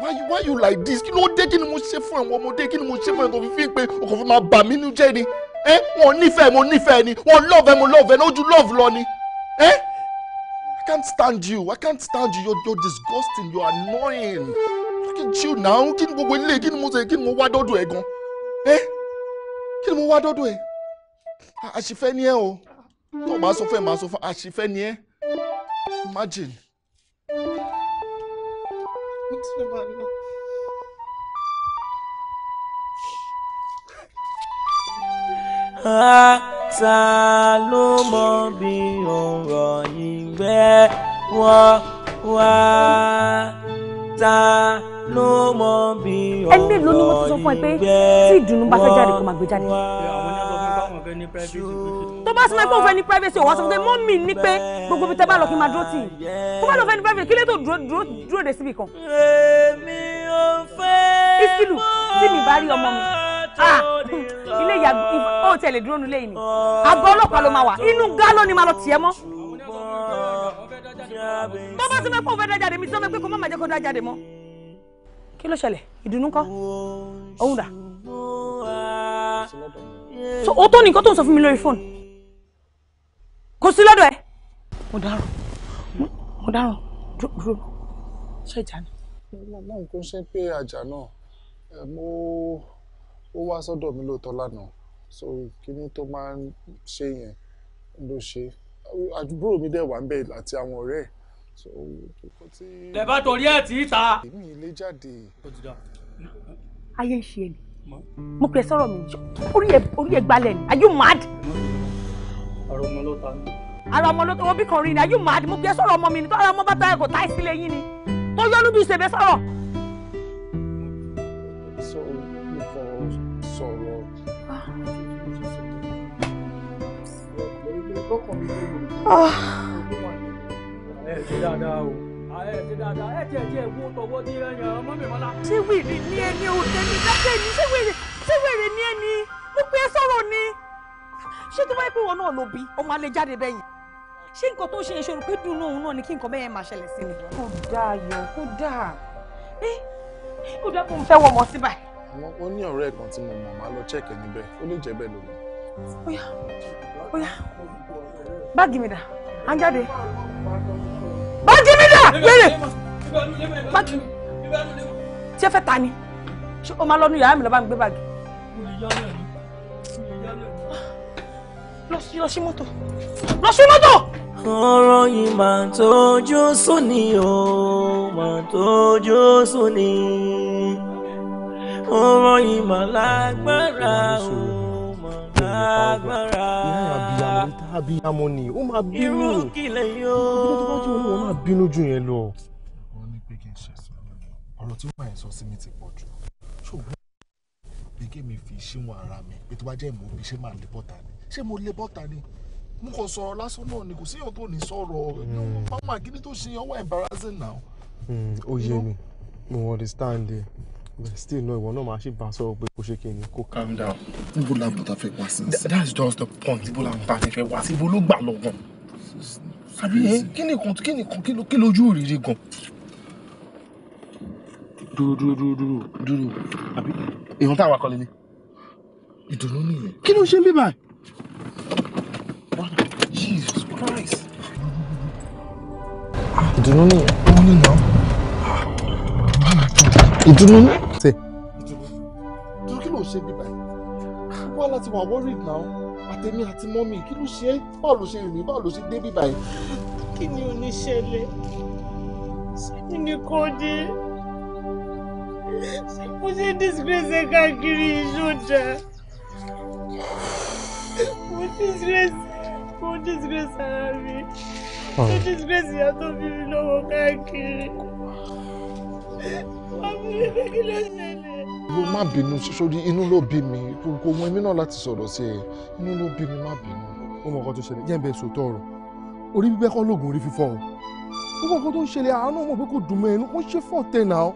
why you why you like this kí ló dé kí ni mo ṣe fún ẹ̀wọ̀n ọmọdé kí ni mo ṣe fún ẹ̀wọ̀n tó fi fi pé o kò fi máa bà mí nínú jẹ́ ni ẹ wọn nífẹ̀ẹ́ mo nífẹ̀ẹ́ ni wọn love ẹ mo love ẹ lójú love lọ ni ẹ. Eh? can't stand you. I can't stand you. You're, you're disgusting. You're annoying. Look at you now. Kí ni gbogbo ilé? Kí ni mo ṣe? Kí ni mo wá dọ́dọ̀ ẹ gan? Ẹ́ kí ni mo wá dọ́dọ̀ ẹ? Àṣìfẹ́ ni ẹ o. Tó máa sọ fún ẹ, máa sọ fún ẹ. ni ẹ. Imagine. Ah ta ló mọ bí ọ̀rọ̀ ìgbẹ́ wọ́n wá ta ló mọ bí ọ̀rọ̀ ìgbẹ́ wọ́n wá. ẹ mélòó ni mo ti sọ fún ẹ tó bá sọ ma pé òun fẹ́ ní privacy òun wá sọ pé mọ́mì ní pé gbogbo ibi tẹ́ bá lọ kí n máa dúró tì í tó bá lọ fẹ́ ní privacy kí lè tó dúró dúró de síbì kan. èmi ò fẹ́ mọ́ ìsìlù tí mi bá rí ọmọ mi. Ah, ah. ilé ìyá ó tẹ̀lé dúró nílé yìí ni ah. àgọ́ ọlọ́pàá ló máa wà inú gálọ́ ni máa lọ tiẹ̀ mọ́ tó bá ti fẹ́ kó fẹ́ dá jáde mi tí wọ́n fẹ́ pé kó má máa jẹ́ kó dá jáde mọ́ kí ló ṣẹlẹ̀ ìdùnnú kọ́ òun dà o tó nìkan tó ń sọ fún mi lórí fóònù kò sí lọ́dọ̀ ẹ̀ mo dárò mo dárò dúró ṣe ìjà ni. láì kó ṣe pé àjà náà mo ó wá sọ́dọ̀ mi lóòótọ́ lánàá so kíní tó máa ń ṣe yẹn ló ṣe àdúgbò mi dẹ̀ wà ń bẹ̀ àti àwọn ọ̀rẹ́ ẹ̀ so kókó tí. tẹ bá torí ẹ tí ì ta. èmi ilé jáde. ayé ń ṣe ni mo pè sọ̀rọ̀ mi orí ẹ gbalẹ̀ ni are you mad. ara ọmọ ló ta ni. ara ọmọ ló ta wọn bí kan rí ni are you mad mo pè sọ̀rọ̀ ọmọ mi ni tó ara ọmọ bá ta ẹ kò tá ẹ sílẹ̀ yín ni tó yọ́nú bí ìṣègbè sọ̀rọ̀. Ah. ẹ ṣe ẹ ni mo pe ẹ sọ̀rọ̀ ni ṣé tó báyìí pé wọn náà ló bí ọmọ alẹ́ jáde bẹ́yìn ṣé nǹkan tó ṣe é ṣòro pé dùnú òun náà ni kí nǹkan bẹ́yẹn máa ṣẹlẹ̀ sí mi. kó dáa yọ kó dáa ẹ dáa kó n fẹ́ wọ ọmọ síbà. ó ní ọ̀rẹ́ kan tí mo mọ̀ máa lọ chẹ́ẹ̀kì níbẹ̀ ó lè jẹ́ bẹ́ẹ̀ lónìí. ó yá báàgì mi dà á ń jáde báàgì mi dà wẹ́rẹ̀ báàgì mi tí ẹ fẹ́ ta ni ṣé o máa lọ nu yàrá mi lọ bá mi gbé báàgì. lọ sí mọ́tò lọ sí mọ́tò. ọ̀rọ̀ yìí máa tójú sùn o máa tójú sùn ọ̀rọ̀ yìí máa lágbára o lágbára. ìyá àbíyamọ ní tábíyamọ ni ó máa bínú. irú kìlẹ̀ yóò. ìdílé tó bá jẹ́ olówó máa bínú jù yẹn lọ. wọ́n ní pé kí n ṣe sọ ọ̀rọ̀ tí wọ́n sọ sí mi ti pọ̀ jù ṣùgbọ́n bí kí mi fi ṣíwọ̀n ara mi pé tó bá jẹ́ ìmọ̀ ṣé máa lè bọ́ta ni ṣé mo lè bọ́ta ni mo kàn sọ̀rọ̀ lásán náà ni kò síyàn tó ní sọ̀rọ̀ báwọn àkíní tó ṣe ọwọ́ embarrassing now. Hmm, ó yé mi mo understand it but still no ìwọ náà máa ṣì bá a pé kò ṣe kí ni kò. calm down ibo la bùtà fẹ́ wá sí. that's just the point ibo la bùtà fẹ́ wá sí ibo ló gbà lọ gan. àbí ẹ kí ni kan kí ni kan kí lójú òrìrì gan. dúró dúró dúró dúró dúró àbí èèyàn tá a wà kọ́lé ni. ìdùnnú nìyẹn. kí ló ń ṣe bíbá Jesus Christ. ìdùnnú nìyẹn. ó ní náà. ìdùnnú nìyẹn. wà worried now àtẹ̀mí àti mọ́mí kí ló ṣe é báwo ló ṣe rìn báwo ló ṣe dé bíbá yìí. kí ni ò ní ṣẹlẹ̀ ṣé ni kò dé ṣé kò ṣe disgrace káàkiri ìṣòjà mo disgrace mo disgrace ara mi mo ah. disgrace ìyá tó fi mi lọ́wọ́ káàkiri wàá fi mi kékeré sí wo má bínú sórí inú ló bí mi kò mọ èmi náà láti sọ̀rọ̀ sí ẹ inú ló bí mi má bínú. ó mọ nǹkan tó ṣẹlẹ̀ jẹ́ǹbẹ̀ sòótọ́ ọ̀rọ̀ orí bíbẹ́ kọ́ lóògùn orí fífọ́ o ó mọ tó ń ṣẹlẹ̀ àánú mọ̀ pé kò dùn mọ́ ẹnu ó ń ṣe fọ́ tẹ̀ náà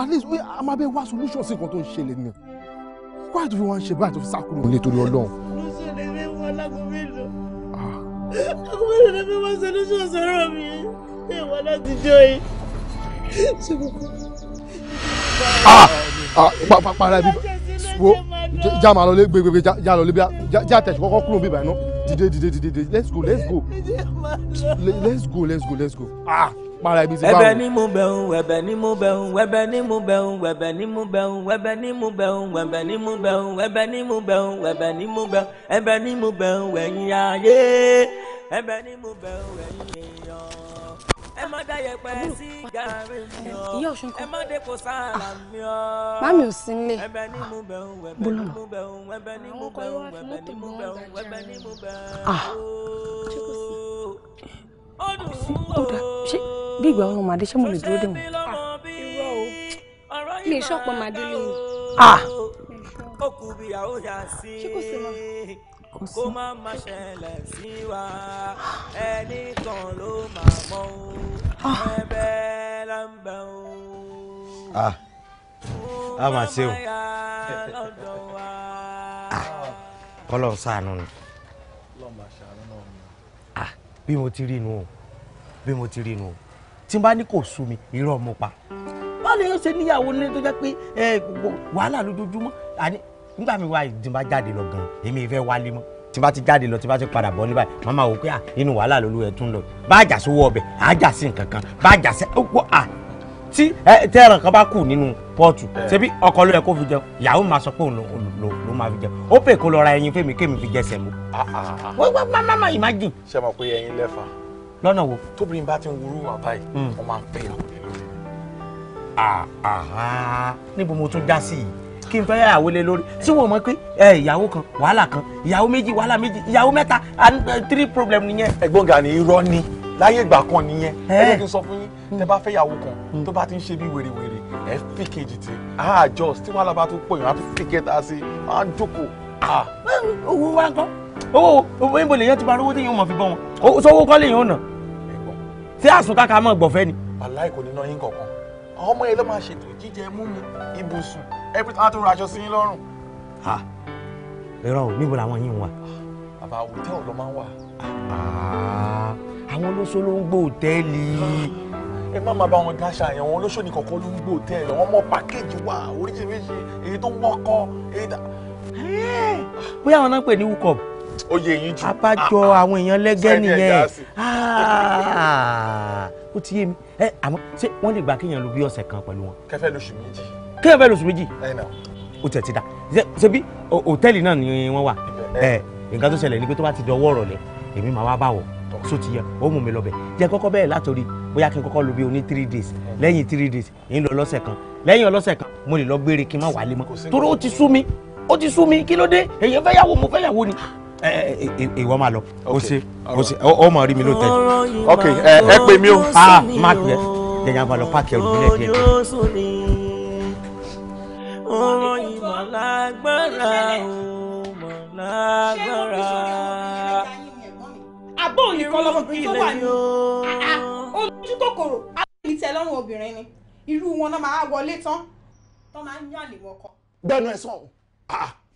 at least ó a máa bẹ wá solution sí nǹkan tó ń ṣẹlẹ̀ ni wáyé tó fi wá ń ṣe báyìí tó fi sá kúrò nílé torí Ọlọ́run. mo ṣe lè rí wọn lágùnmílò ah. àgùnmílò lè fi para ibi wo já máa lọ lé gbégbé já lọ lé já tẹ̀sí kọ́kọ́ kúrò bíbá iná dìde dìde dìde let's go let's go let's go let's go let's go ah para ibi ti báwo. ẹ̀bẹ̀ ni mo bẹ̀ ń ni mo bẹ̀ ń ni mo bẹ̀ ń ni mo bẹ̀ ń ni mo bẹ̀ ń ni mo bẹ̀ ń ni mo bẹ̀ ń ni mo bẹ̀ ń ni mo bẹ̀ ń ayé ẹ̀bẹ̀ ni mo bẹ̀ ń ayé ẹ má dá mami ò sí nílé bolo mọ. àwọn ọkọ yóò wá fi mọ́tò mọ́ ọ̀gá jẹ́ kó dà ṣé bí ìgbà wọn màdé ṣé mo lè dúró dè mọ́. mi ah, ìṣọ́pọ̀ màdé lóyún. Ah! ṣé kò sí mọ́ kò sí. kó má má ṣẹlẹ̀ sí wa ẹnìkan ló máa mọ̀ o ah. ẹ̀bẹ̀ là ń bẹ̀ o. Ah. a máa ṣe o kọ́lọ̀ ń ah. ni bí mo ti rí inú o bí mo ti rí inú o tí n bá ní kò sú mi irọ́ mo pa báwo ni yóò ṣe níyàwó nílé tó jẹ́ pé wàhálà lójoojúmọ́ nígbà mi wá tí n bá jáde lọ gan èmi fẹ́ wálé mọ́ tí n bá ti jáde lọ tí n bá ti padà bọ̀ ní báyìí màmá wò pé à inú wàhálà lolú ẹ̀ tún lọ bá àjà sówó ọbẹ̀ àjà sí nǹkan kan bá àjà sí ọ̀pọ̀ à tí tẹ́ran kan bá kù nínú pọ́ọ̀tù eh. ṣebí ọkọ ló yẹ kó fi jẹun ìyàwó máa sọ pé òun ló máa fi jẹun ó pè kó lọ ra ẹyin fèmí kémi fi jẹsẹ̀ mu. Ah, ah, ah, wọ́n wọ́n máa máa máa imagine. ṣé mo pe ẹyin lẹ́fà. lọ́nà wo. tóbi bá ti ń wúrú wà báyìí hmm. wọ́n máa ń pè é lórí. níbo mo tún já sí yìí kí n fẹ́ yàwó lé lórí tí wọ́n mọ̀ pé ìyàwó kan wàhálà kan ìyàwó méjì wàhálà méjì ìyàwó mẹ́ta uh, three problem nìyẹn. ẹ̀gbọ́n gani irọ́ ni láyé ìgbà kan nìyẹn ẹ jẹ́ sọ fún yín tẹ́ bá fẹ́ yàwó kan hmm. tó bá ti ń ṣe bí wèrèwèrè ẹ fi kejì tí a jọ tí wàhálà bá tó pọ̀ yàn á fi kẹta sí a ń jókòó. owó wa kọ́ owó owó níbo lèyàn ti bá rówó téèyàn mọ̀ fi bọ́ wọn sọ owó kọ́ lèyàn ò nà tí àsùnkáka mọ̀ gbọ̀fẹ́ ni. aláìkò nínú yín kọ̀ọ̀kan àwọn ọmọ yẹn ló máa ṣètò jíjẹ múmu ibùsùn ẹbí tá a tó raṣọ sí lọ́rùn. ha irọ́ o níbo làwọn yìí ń wà. bàbá hòtẹ́ẹ̀lì ló máa ń wà. Ah, àwọn olóṣó ló ń gbé hòtẹ́ẹ̀lì. ẹ má máa bá wọn dáṣà yẹn wọn olóṣó ní kọ̀ọ̀kan ló ń gbé hòtẹ́ẹ̀lì wọn mọ pákéjì wà oríṣiríṣi èyí tó wọ́kọ́ èyí dá. Eh, bóyá àwọn náà pè ní wúkọ̀ọ̀bù oyè yìí jù. abájọ ah, ah, àwọn èèyàn lẹ́gẹ́ nìyẹn ó ti yé mi ẹ àmọ́ ṣé wọ́n lè gba kéèyàn lò bí ọ̀sẹ̀ kan pẹ̀lú wọn. kẹfẹ́ lóṣù méjì. kéèyàn fẹ́ lóṣù méjì. ẹ náà. o tẹ̀ ti da ṣe bí òtẹ́ẹ̀lì náà ni wọ́n wà. ẹ nǹkan tó ṣẹlẹ̀ ni pé tó bá ti dọwọ́ ìrọ̀lẹ́ èmi máa wá báwọ̀ so ti yẹ o mú mi lọ bẹ̀ jẹ́ kọ́kọ́ bẹ́ẹ̀ látòrí bóyá kí n kọ́kọ́ lò bí oní three days mm. lẹ́yìn three days èyí lọ lọ́sẹ̀ kan lẹ́yìn ọlọ́sẹ̀ kan mo lè lọ gbére kí n má wálé mọ́ torí ó ti sú mi ó ti sú mi kí ló dé èyí fẹ́ yàwó mo fẹ́ yàwó ni ìwọ máa lọ o ṣe o ṣe o mọ̀ rí mi ló tẹ̀. ok ẹ pè mí o. a ah, má pè é jẹjẹrẹ máa lọ páàkì ẹrù nílẹ̀ díẹ̀ ọ̀rọ̀ ìmọ̀ lágbára ọ̀mọ̀ lágbára. àbọ̀ nìkan lọmọbìnrin tó wà ní ah, ah, olójú kòkòrò aláìní tẹ lọ́rùn obìnrin ni irú wọn náà máa wọlé tán tán máa ń yàn àlè wọkọ. bẹ́ẹ̀ ni ẹ sọ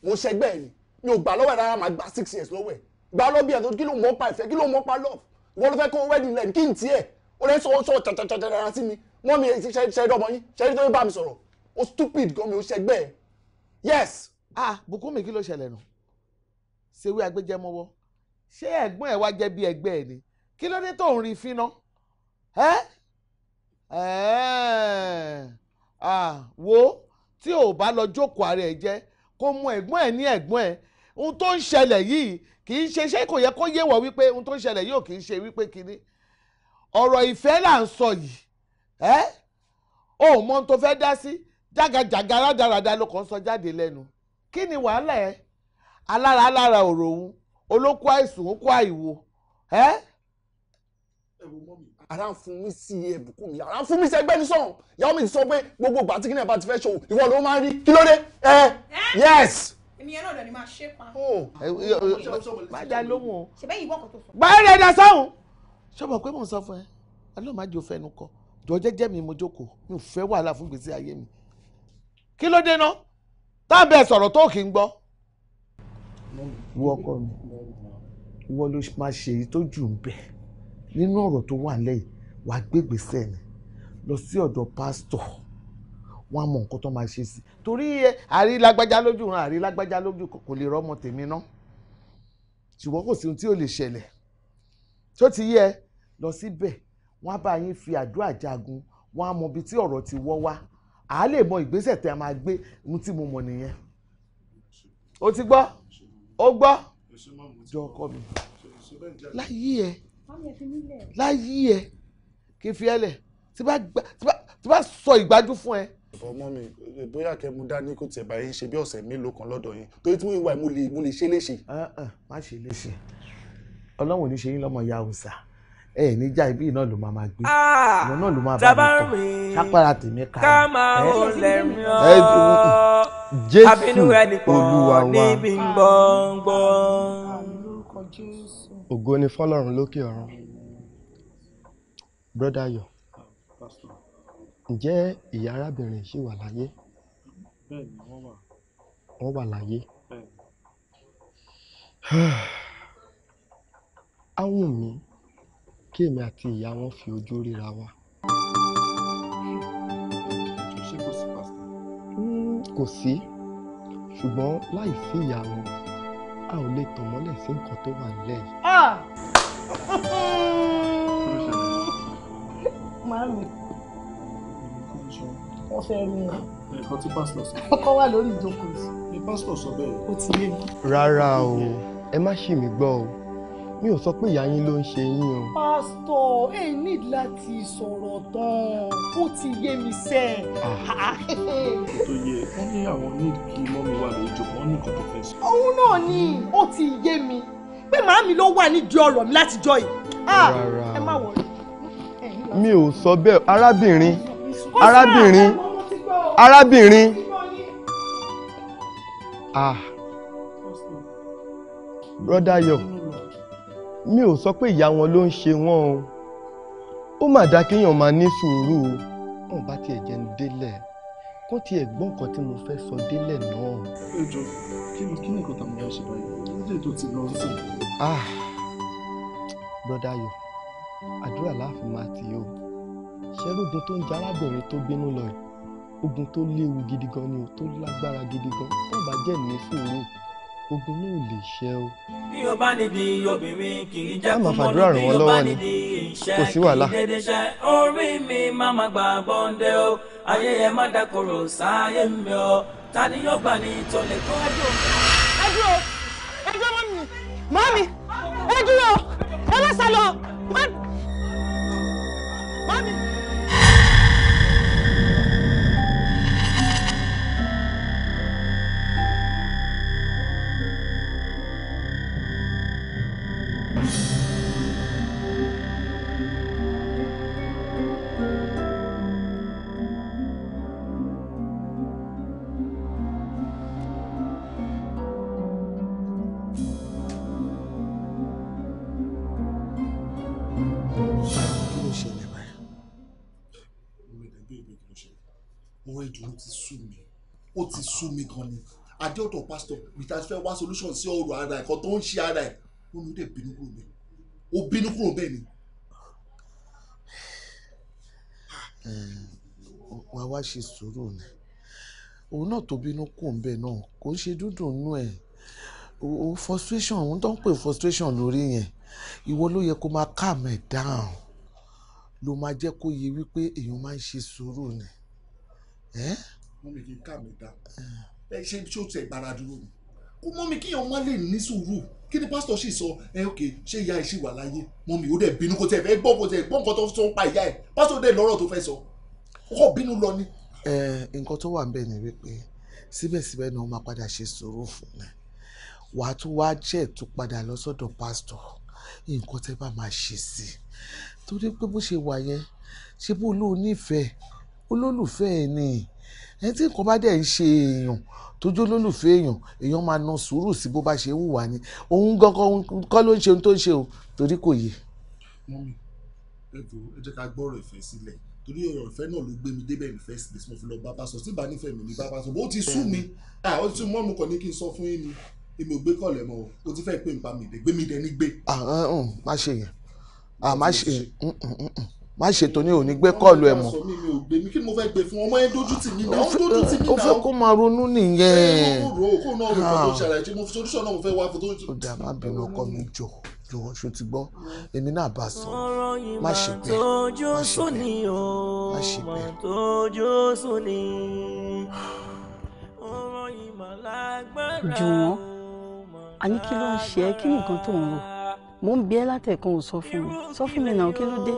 mo ṣẹgbẹ́ ẹ̀ ni mi ò gbà lọ́wọ́ ẹ̀ rárá màá gba six years lọ́wọ́ ẹ̀ gba lọ́bí ẹ̀ tó kí ló mọ́ pa ìfẹ́ kí ló mọ́ pa love wọ́n ló fẹ́ kó wedding lẹ́nu kí n tiẹ̀ ó lẹ́ sọ sọ tẹ̀tẹ̀tẹ̀ rárá sí mi mọ́ mi ṣẹ́rí ọmọ yín ṣẹ́rí tó bá mi sọ̀rọ̀ ó stupid gan mi ó ṣẹgbẹ́ ẹ̀ yes. ah Bùkúnmi kí ló ṣẹlẹ̀ nù ṣèwé agbẹjẹmọwọ ṣé ẹ̀gbọ́n ẹ̀ wá jẹ́ bí ẹgbẹ́ ẹ̀ ni kí ló dé tó ń rí fínà ẹ́ ẹ́ wo tí ò bá lọ jókòó ara ẹ̀ jẹ́ kó mú ẹ̀gbọ́n ẹ̀ ní ẹ̀gbọ́n ẹ̀ ohun tó ń ṣẹlẹ̀ yìí kì í ṣe ṣé kò yẹ kó yé wọ wípé ohun tó ń ṣẹlẹ̀ yìí ò kì í ṣe wípé kinní ọ̀rọ̀ ìfẹ́ là ń sọ yìí ẹ́ ò mọ ohun tó fẹ́ dá sí jágajàga rádaràda ló kàn sọ jáde lẹ́nu kí ni wàhálà ẹ alára alára ọ̀rọ̀ òun olókù àìsùn ó kó àìwo ẹ ara ń fún mi sí ẹbùkún mi ara ń fún mi sí ẹgbẹ́ mi sọ̀rọ̀ ìyàwó mi sọ pé gbogbo ìgbà tí kìnìún bá ti fẹ́ ṣòwò ìwọ ló máa rí kí ló dé ẹ yẹs ìyẹn náà dẹni máa ṣe pa. Oh, má dá lóhùn o. ṣèbẹ́ yìí bọ́kọ̀ tó sọ. báyìí rẹ̀ dá sáhùn. ṣọ́bọ̀ pé mò ń sọ fún ẹ ọlọ́run má jẹ́ òfẹ́ ẹnu kọ jọ jẹ́jẹ́ mi mo jókòó mi ò fẹ́ wàhálà fún gbèsè ayé mi. kí ló dé ná tá à ń bẹ sọ̀rọ̀ tó kì í gbọ́. ìwọ ọkọ mi ìwọ ló máa ṣe èyí tó jù ń bẹ nínú ọ̀rọ̀ tó wà lẹ́yìn wàá gbé gbèsè mi lọ sí ọ̀dọ̀ pásítọ̀ wọ́n á mọ nǹkan tó máa ṣe sí torí àrílágbájá lójú ran àrílágbájá lójú kò lè rọ́mọ tèmi ná ṣùgbọ́n kò sí ohun tí ò lè ṣẹlẹ̀ tó ti yẹ lọ síbẹ̀ wọ́n bá yín fi àdúrà jagun wọ́n á mọ ibi tí ọ̀rọ̀ ti wọ́ wá àá lè mọ ìgbésẹ̀ tẹ́ a máa gbé ohun tí mo mọ̀ nìyẹn o ti gbọ́ o gbọ́ jọ ọkọ mi láyé ẹ láyé ẹ kí n fi ẹ lẹ̀ tí bá sọ ìgbájú fún ẹ bọ́mọ́ mi eh, bóyá kẹ́ mu dání kò tiẹ̀ báyìí ṣe bí ọ̀sẹ̀ mélòó kan lọ́dọ̀ yín torí tí mo wà mo lè mo lè ṣe léṣe. má ṣe léṣe ọlọ́run ò ní ṣe yín lọ́mọ ya òòsà ẹ ní já ibi náà ló máa máa gbé ìwọ ah, náà ló máa bá mi tọ sápára tèmi ká ká máa ò lẹ̀ mí ọ́ jésù olúwa wa níbi gbọ̀ngbọ̀n. ògo ni fọlọ́run lókè ọ̀run brọ́dá yọ̀. Ǹjẹ́ ìyá arábìnrin yìí ṣì wà láyé? Bẹ́ẹ̀ni, wọ́n wà. Wọ́n wà láyé? Bẹ́ẹ̀ni. Á kí èmi àti ìyá wọn fi ojú ríra wa. Hmm, kò sí ṣùgbọ́n láì sí ìyá wọn, a ò lè tan mọ́lẹ̀ sí nǹkan tó wà nílẹ̀ yìí. Ah! Màámi wọ́n fẹ́ rí wọn. nǹkan tí pásítọ̀ sọ. ọkọ wà lórí ìjókòó yìí. ni pásítọ̀ sọ bẹ́ẹ̀. ó ti yé mi. rárá o ẹ má ṣì mí gbọ́ o mi ò sọ pé ìyá yín ló ń ṣe yín o. pásítọ̀ ẹ ní láti sọ̀rọ̀ tán ó ti yé mi sẹ́ ẹ̀. Ah. tó yẹ wọ́n ní àwọn ní kí mọ́mi wà lórí ìjókòó ní nǹkan tó fẹ́ sọ. òun náà ni ó ti yé mi pé màámi ló wà nídìí ọ̀rọ̀ mi láti jọ yìí. Ah, rárá ẹ mi ò sọ bẹ́ẹ̀ arábìnrin arábìnrin arábìnrin ah broda yọ mi ò sọ pé ìyá wọn ló ń ṣe wọn o ó mà dá kéèyàn máa ní sùúrù o wọn bá tiẹ̀ jẹ́ ń délẹ̀ kó tiẹ̀ gbọ́n nǹkan tí mo fẹ́ sọ délẹ̀ náà. ẹ kí ni kí ni nǹkan tàbí wá ṣe báyìí ní ètò tí lọ sí. ah broda yọ àdúrà láàfin máa tì í o ṣẹ́rùgùn tó ń jẹ arábìnrin tó gbénú lọ yìí ogun tó léwu gidi gan ni o tó lágbára gidi gan tó bá jẹ́ ní sùúrù ogun náà lè ṣẹ o. bí o bá níbi obìnrin kì í jẹ́ kó mọ́ ní bí o bá níbi ìṣe kì í dédé ṣe orí mi máa ma gbà bọ́ndẹ́ o ayé ẹ má dàkọ̀rò sáyé mi o ta ni yóò gbà ní ìtọ́lẹ̀ kó. ẹ dúró ẹ mọ́mí mọ́mí ẹ dúró ẹ adéọ̀tọ̀ pásítọ̀ rita fẹ́ wá solution sí ọ̀rọ̀ ara ẹ̀kọ́ tó ń ṣe ara ẹ̀ ó ní ó dẹ̀ bínú kúrò bẹ́ẹ̀ ó bínú kúrò bẹ́ẹ̀ ni. wàá wá ṣe sùúrù ni òun náà tó bínú kúrò bẹ́ẹ̀ náà kò ń ṣe dúdùn nú ẹ̀ o frustration òun tó ń pè frustration lórí yẹn ìwọ ló yẹ kó máa calm ẹ̀ down ló máa jẹ́ kó yẹ wípé èèyàn máa ń ṣe sùúrù ni. wọ́n mi kì í calm ẹ̀ down ẹ ṣe ṣé o ti ẹ̀ gbára dúró ni kó mọ́ mi kíyàn má lè ní sùúrù kí ni pásítọ̀ sì sọ ẹ ok ṣé ìyá ẹ ṣì wà láyé mọ́ mi ò dẹ̀ bínú kó tẹ̀ fẹ́ gbọ́ kó tẹ̀ gbọ́ nǹkan tó sọ ń pa ìyá ẹ pásítọ̀ dẹ̀ lọ́rọ̀ tó fẹ́ sọ ọkọ̀ bínú lọ ni. ẹ nǹkan tó wà ń bẹ̀ ni wípé síbẹ̀síbẹ̀ ni wọ́n máa padà ṣe sùúrù fún mi wàá tún wá jẹ́ tó padà lọ sọ́dọ̀ pásítọ̀ nǹkan tẹ́ bá máa ṣe sí i torí pé bó ṣe wà yẹn ṣe bó olóò nífẹ̀ẹ́ olólùfẹ́ ẹ̀ nìyí ẹni tí nǹkan bá dẹ̀ ń ṣe èèyàn tójú olólùfẹ́ èèyàn èèyàn máa na sùúrù sí bó bá ṣe hùwà ni òun gangan kọ́ ló ń ṣe ohun tó ń ṣe o torí kò yé. mọ́mí ẹ jọ ẹ jẹ́ ká gbọ́ ọ̀rọ̀ ìfẹ́ sílẹ̀ torí ọ̀rọ̀ ìfẹ́ náà ló gbé mi débẹ̀ ní first place mo fi lọ bá bá sọ tí bá nífẹ̀ẹ́ mi ní bá bá sọ bó ti sú mi ó ti mọ́ mi kàn ní kí n sọ fún yín ni èmi ò gbé kọ̀lẹ̀ mọ́ o ti fẹ́ pè mí pa mi dé gbé mi dẹ̀ ní gbé. Ah, ah, mm, má ṣe yẹn ah, má ṣe yẹn mm, mm, má ṣètò ní òní gbé kọ́ọ̀lù ẹ̀ mọ́. ó fẹ́ kó máa ronú nìyẹn. Ah. ó dà má bínú ọkọ mi jọ jọ̀wọ́ ṣó ti gbọ́ èmi náà bá sọ má ṣe bẹ́ẹ̀ má ṣe bẹ́ẹ̀ má ṣe bẹ́ẹ̀. jùwọ́n a ní kí ló ń ṣe é kí nìkan tó ń rò mò ń bi ẹ́ látẹ̀kan ò sọ fún mi sọ fún mi náà kí ló dé.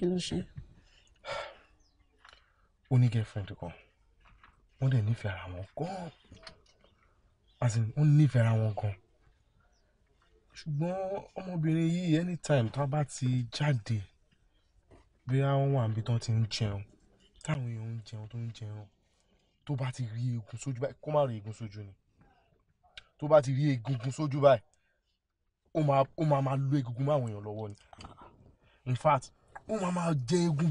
kí ló ṣe. ó ní girlfriend kan wọ́n dẹ̀ nífẹ̀ẹ́ ara wọn gan-an as in wọ́n nífẹ̀ẹ́ ara wọn gan-an ṣùgbọ́n ọmọbìnrin yìí anytime tó bá ti jáde bí wọ́n wà níbi tó ti ń jẹun táwọn èèyàn ń jẹun tó ń jẹun tó bá ti rí eegun sójú báyìí kó má rí eegun sójú ni tó bá ti rí egungun sójú báyìí ó máa ó lo egungun máwọn èèyàn lọ́wọ́ ni in fact wọn máa máa jẹ egun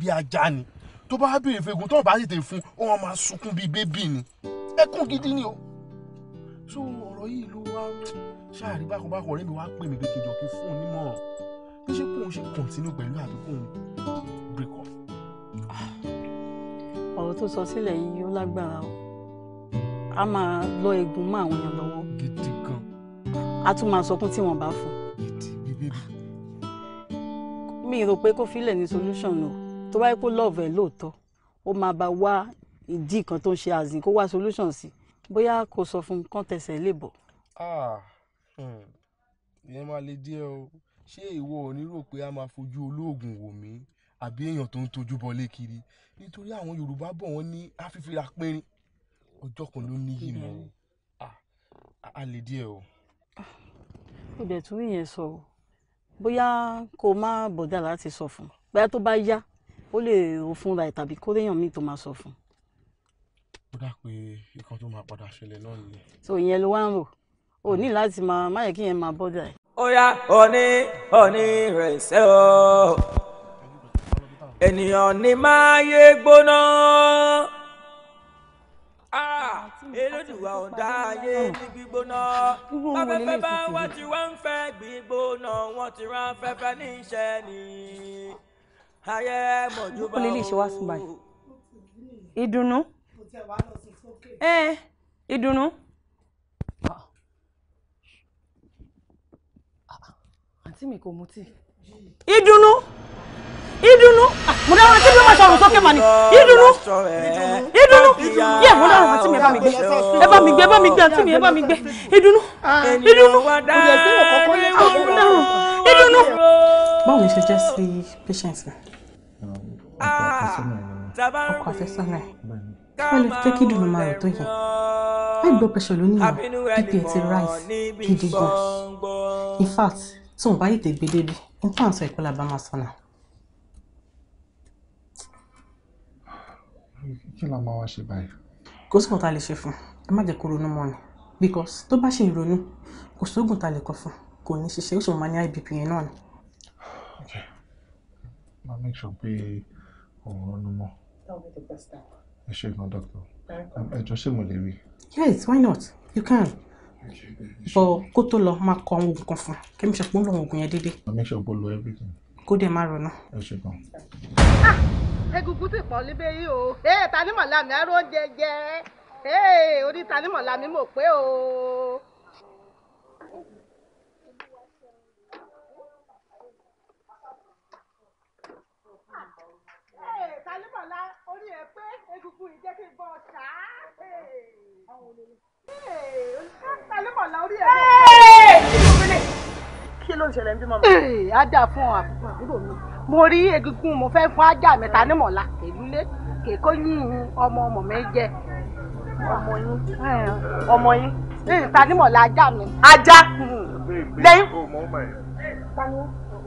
bí ajá ni tó bá béèrè fún egun tó bá tètè fún wọn máa sunkún bíi bébì ni ẹkún gidi ni o so ọ̀rọ̀ yìí ló wá ṣáàrí bákọ̀bákọ̀ ọ̀rẹ́ mi wá pè mí pé kìjọ kí fún un nímọ̀ràn bí ṣe kóun ṣe continue pẹ̀lú àbí kóun break off. ọ̀rọ̀ tó sọ sílẹ̀ yìí ó lágbára o a máa lọ egun mọ́ àwọn èèyàn lọ́wọ́. gidi gan. a tún máa sọkún tí wọ́n bá fún. gidi bíbélì mi rò pé kó filẹ̀ ní solution o tó bá yẹ kó love ẹ̀ lóòótọ́ ó máa bá wá ìdí kan tó ń ṣe àzìn kó wá solution sí bóyá kò sọ fún kán tẹsẹ̀ lè bọ̀. Ah, hmm, ìyẹn máa le díẹ̀ o ṣé ìwọ ò ní rò pé a máa fojú olóògùn wò mí àbí èèyàn tó ń tojú bọlé kiri nítorí àwọn Yorùbá bọ̀ wọ́n ní afífira pínrín ọjọ́ kan ló ní yìí mọ́ ah, a lè díẹ̀ o. ó dẹ̀ tún ìyẹn sọ o bóyá kó má bọ̀dá láti sọ fún bóyá tó bá yá ó lè rò fúnra ẹ̀ tàbí kó réyàn míì tó máa sọ fún. ó dà pé nǹkan tó máa padà ṣẹlẹ̀ náà nìyẹn. so ìyẹn ló wá ń rò o ní láti máa má yẹ kí yẹn máa bọ́dà ẹ̀. ó yá òní òní rẹ̀ ṣe o ènìyàn ni máa yé gbóná. Elédùwà ọ̀dá ayé ní gbígbóná báfẹ́fẹ́ bá wá ti wá ń fẹ́ gbígbóná wọ́n ti rán afẹ́fẹ́ ní iṣẹ́ ni ayé mọ̀jú bá wò. ìdùnnú ìdùnnú. àǹtí mi kò mutí ìdùnnú ìdùnnú ah, mo dára tí mi máa sọ̀rọ̀ sókè mà ní ìdùnnú ìdùnnú yẹ mo dára tí mi ẹ bá mi gbé ẹ bá mi gbé ẹ bá mi gbé àti mi ẹ bá mi gbé ìdùnnú ìdùnnú ìdùnnú. báwo ni ṣe jẹ́ sí patient rẹ̀ ọkọ àfẹ́sọ́nà ẹ̀ wọ́n lè jẹ́ kí ìdùnnú máa rọ̀ tó yẹ high blood pressure ló níyàn bp ẹ rice, rise gidi gan in fact tí wọn bá yìí tẹ gbé débi n tàn sọ ìkọlà bá máa sọ náà. kí ló máa wá ṣe báyìí. kò sí nǹkan tá a lè ṣe because tó bá ṣe ìrònú kò sóògùn tá a lè kọ fún kò ní ṣiṣẹ́ ó sì máa ok ma make sure pé òun ronú mọ́. that the best time. ẹ ṣe gan doctor ẹ jọ ṣé yes why not you can bọ kó tó lọ máa kọ àwọn oògùn fún kí mi ṣe pé ó oògùn yẹn déédéé. i make sure pé ó everything. kó dẹ̀ má ronú. ẹ ṣe kan. Ah! egungun ti pọ̀ níbẹ̀ yìí o ee ta ni mọ̀lá mi aró ee orí ta mi mọ̀ pé o. Tálímọ̀lá orí kí ló ń ṣẹlẹ̀ ń bímọ mi. ajá fún àbúrò àbúrò mi mo rí egungun mo fẹ́ fún ajá mẹ́ta ní mọ̀lá èlúlé kèkó yín ọmọ ọmọ mi jẹ. ọmọ yín ọmọ yín. ta ní mọ̀lá ajá mi. ajá hmm. lẹ́yìn. Oh,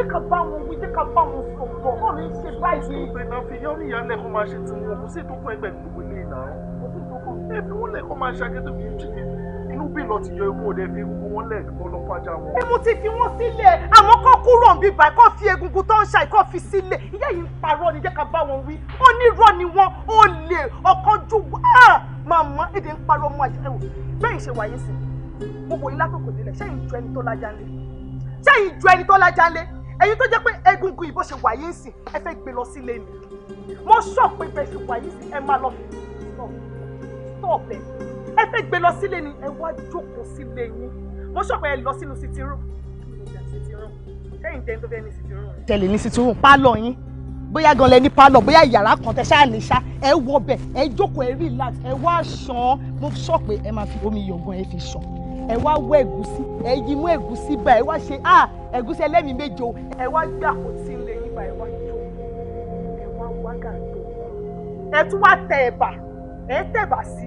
jẹ́ ká bá wọn wí jẹ́ ká bá wọn sọ̀rọ̀ náà ní ṣe báyìí. ọ̀sùn ìgbìmọ̀ fi yọ ìyálẹ̀ kó máa ṣe ti wọn kò sí ìdókòó ẹgbẹ́ gbogbo ilé ìlà rẹ̀. ẹbí wọn lẹ̀ kó máa ṣe akéde bíi jù inú bí lọ ti yọ ewu òde fi gbogbo wọn lẹ̀ kó lọ fàjà wọn. èmi ti fi wọn sílẹ̀ àwọn kan kúrò ń bíbà kó fi egungun tó ń ṣàì kó fi sílẹ̀ ìyá yìí ń parọ́ ni jẹ́ ká bá wọn wí ó ní irọ́ ni wọn ó lè ọ̀kánjú màmá èdè ń parọ́ ọmọ àṣẹ wò bẹ́ẹ̀ ṣe wáyé sí i mo wòye látòkò délẹ̀ ṣé ẹni tó lájà ń lé ṣé ìjọ ẹni tó lájà ń lé ẹ̀yin tó jẹ́ pé egungun ìbò ṣe wà yín sìn ẹ fẹ́ gbé lọ sílé ni mo sọ pé bẹ́ẹ̀ ṣe wà yín sìn ẹ máa lọ stop ẹ ẹ fẹ́ gbé lọ sílé ni ẹ wá jókòó sílé yín mo sọ pé ẹ lọ sínú sitting room sẹ́yìn tẹ́ni tó fẹ́ ní sitting room. tẹ̀lé ní sitting room pálọ̀ yín bóyá gan lẹni pálọ̀ bóyá yàrá kan tẹ ṣáà lè ṣá ẹ wọbẹ̀ ẹ jókòó ẹ relax ẹ wá ṣan mo sọ pé ẹ máa fi omi yọ̀gàn ẹ fi ṣan ẹ wá wọ ẹ̀gúsí ẹ yí mú ẹ̀gúsí bá ẹ wá ṣe ah ẹ̀gúsí ẹlẹ́mìí méje o ẹ wá gbé àpótí ńlẹ̀ yín bá ẹ wá jó ẹ wá wá gàdó ẹ tún wá tẹ ẹ̀bà ẹ tẹ̀bà sí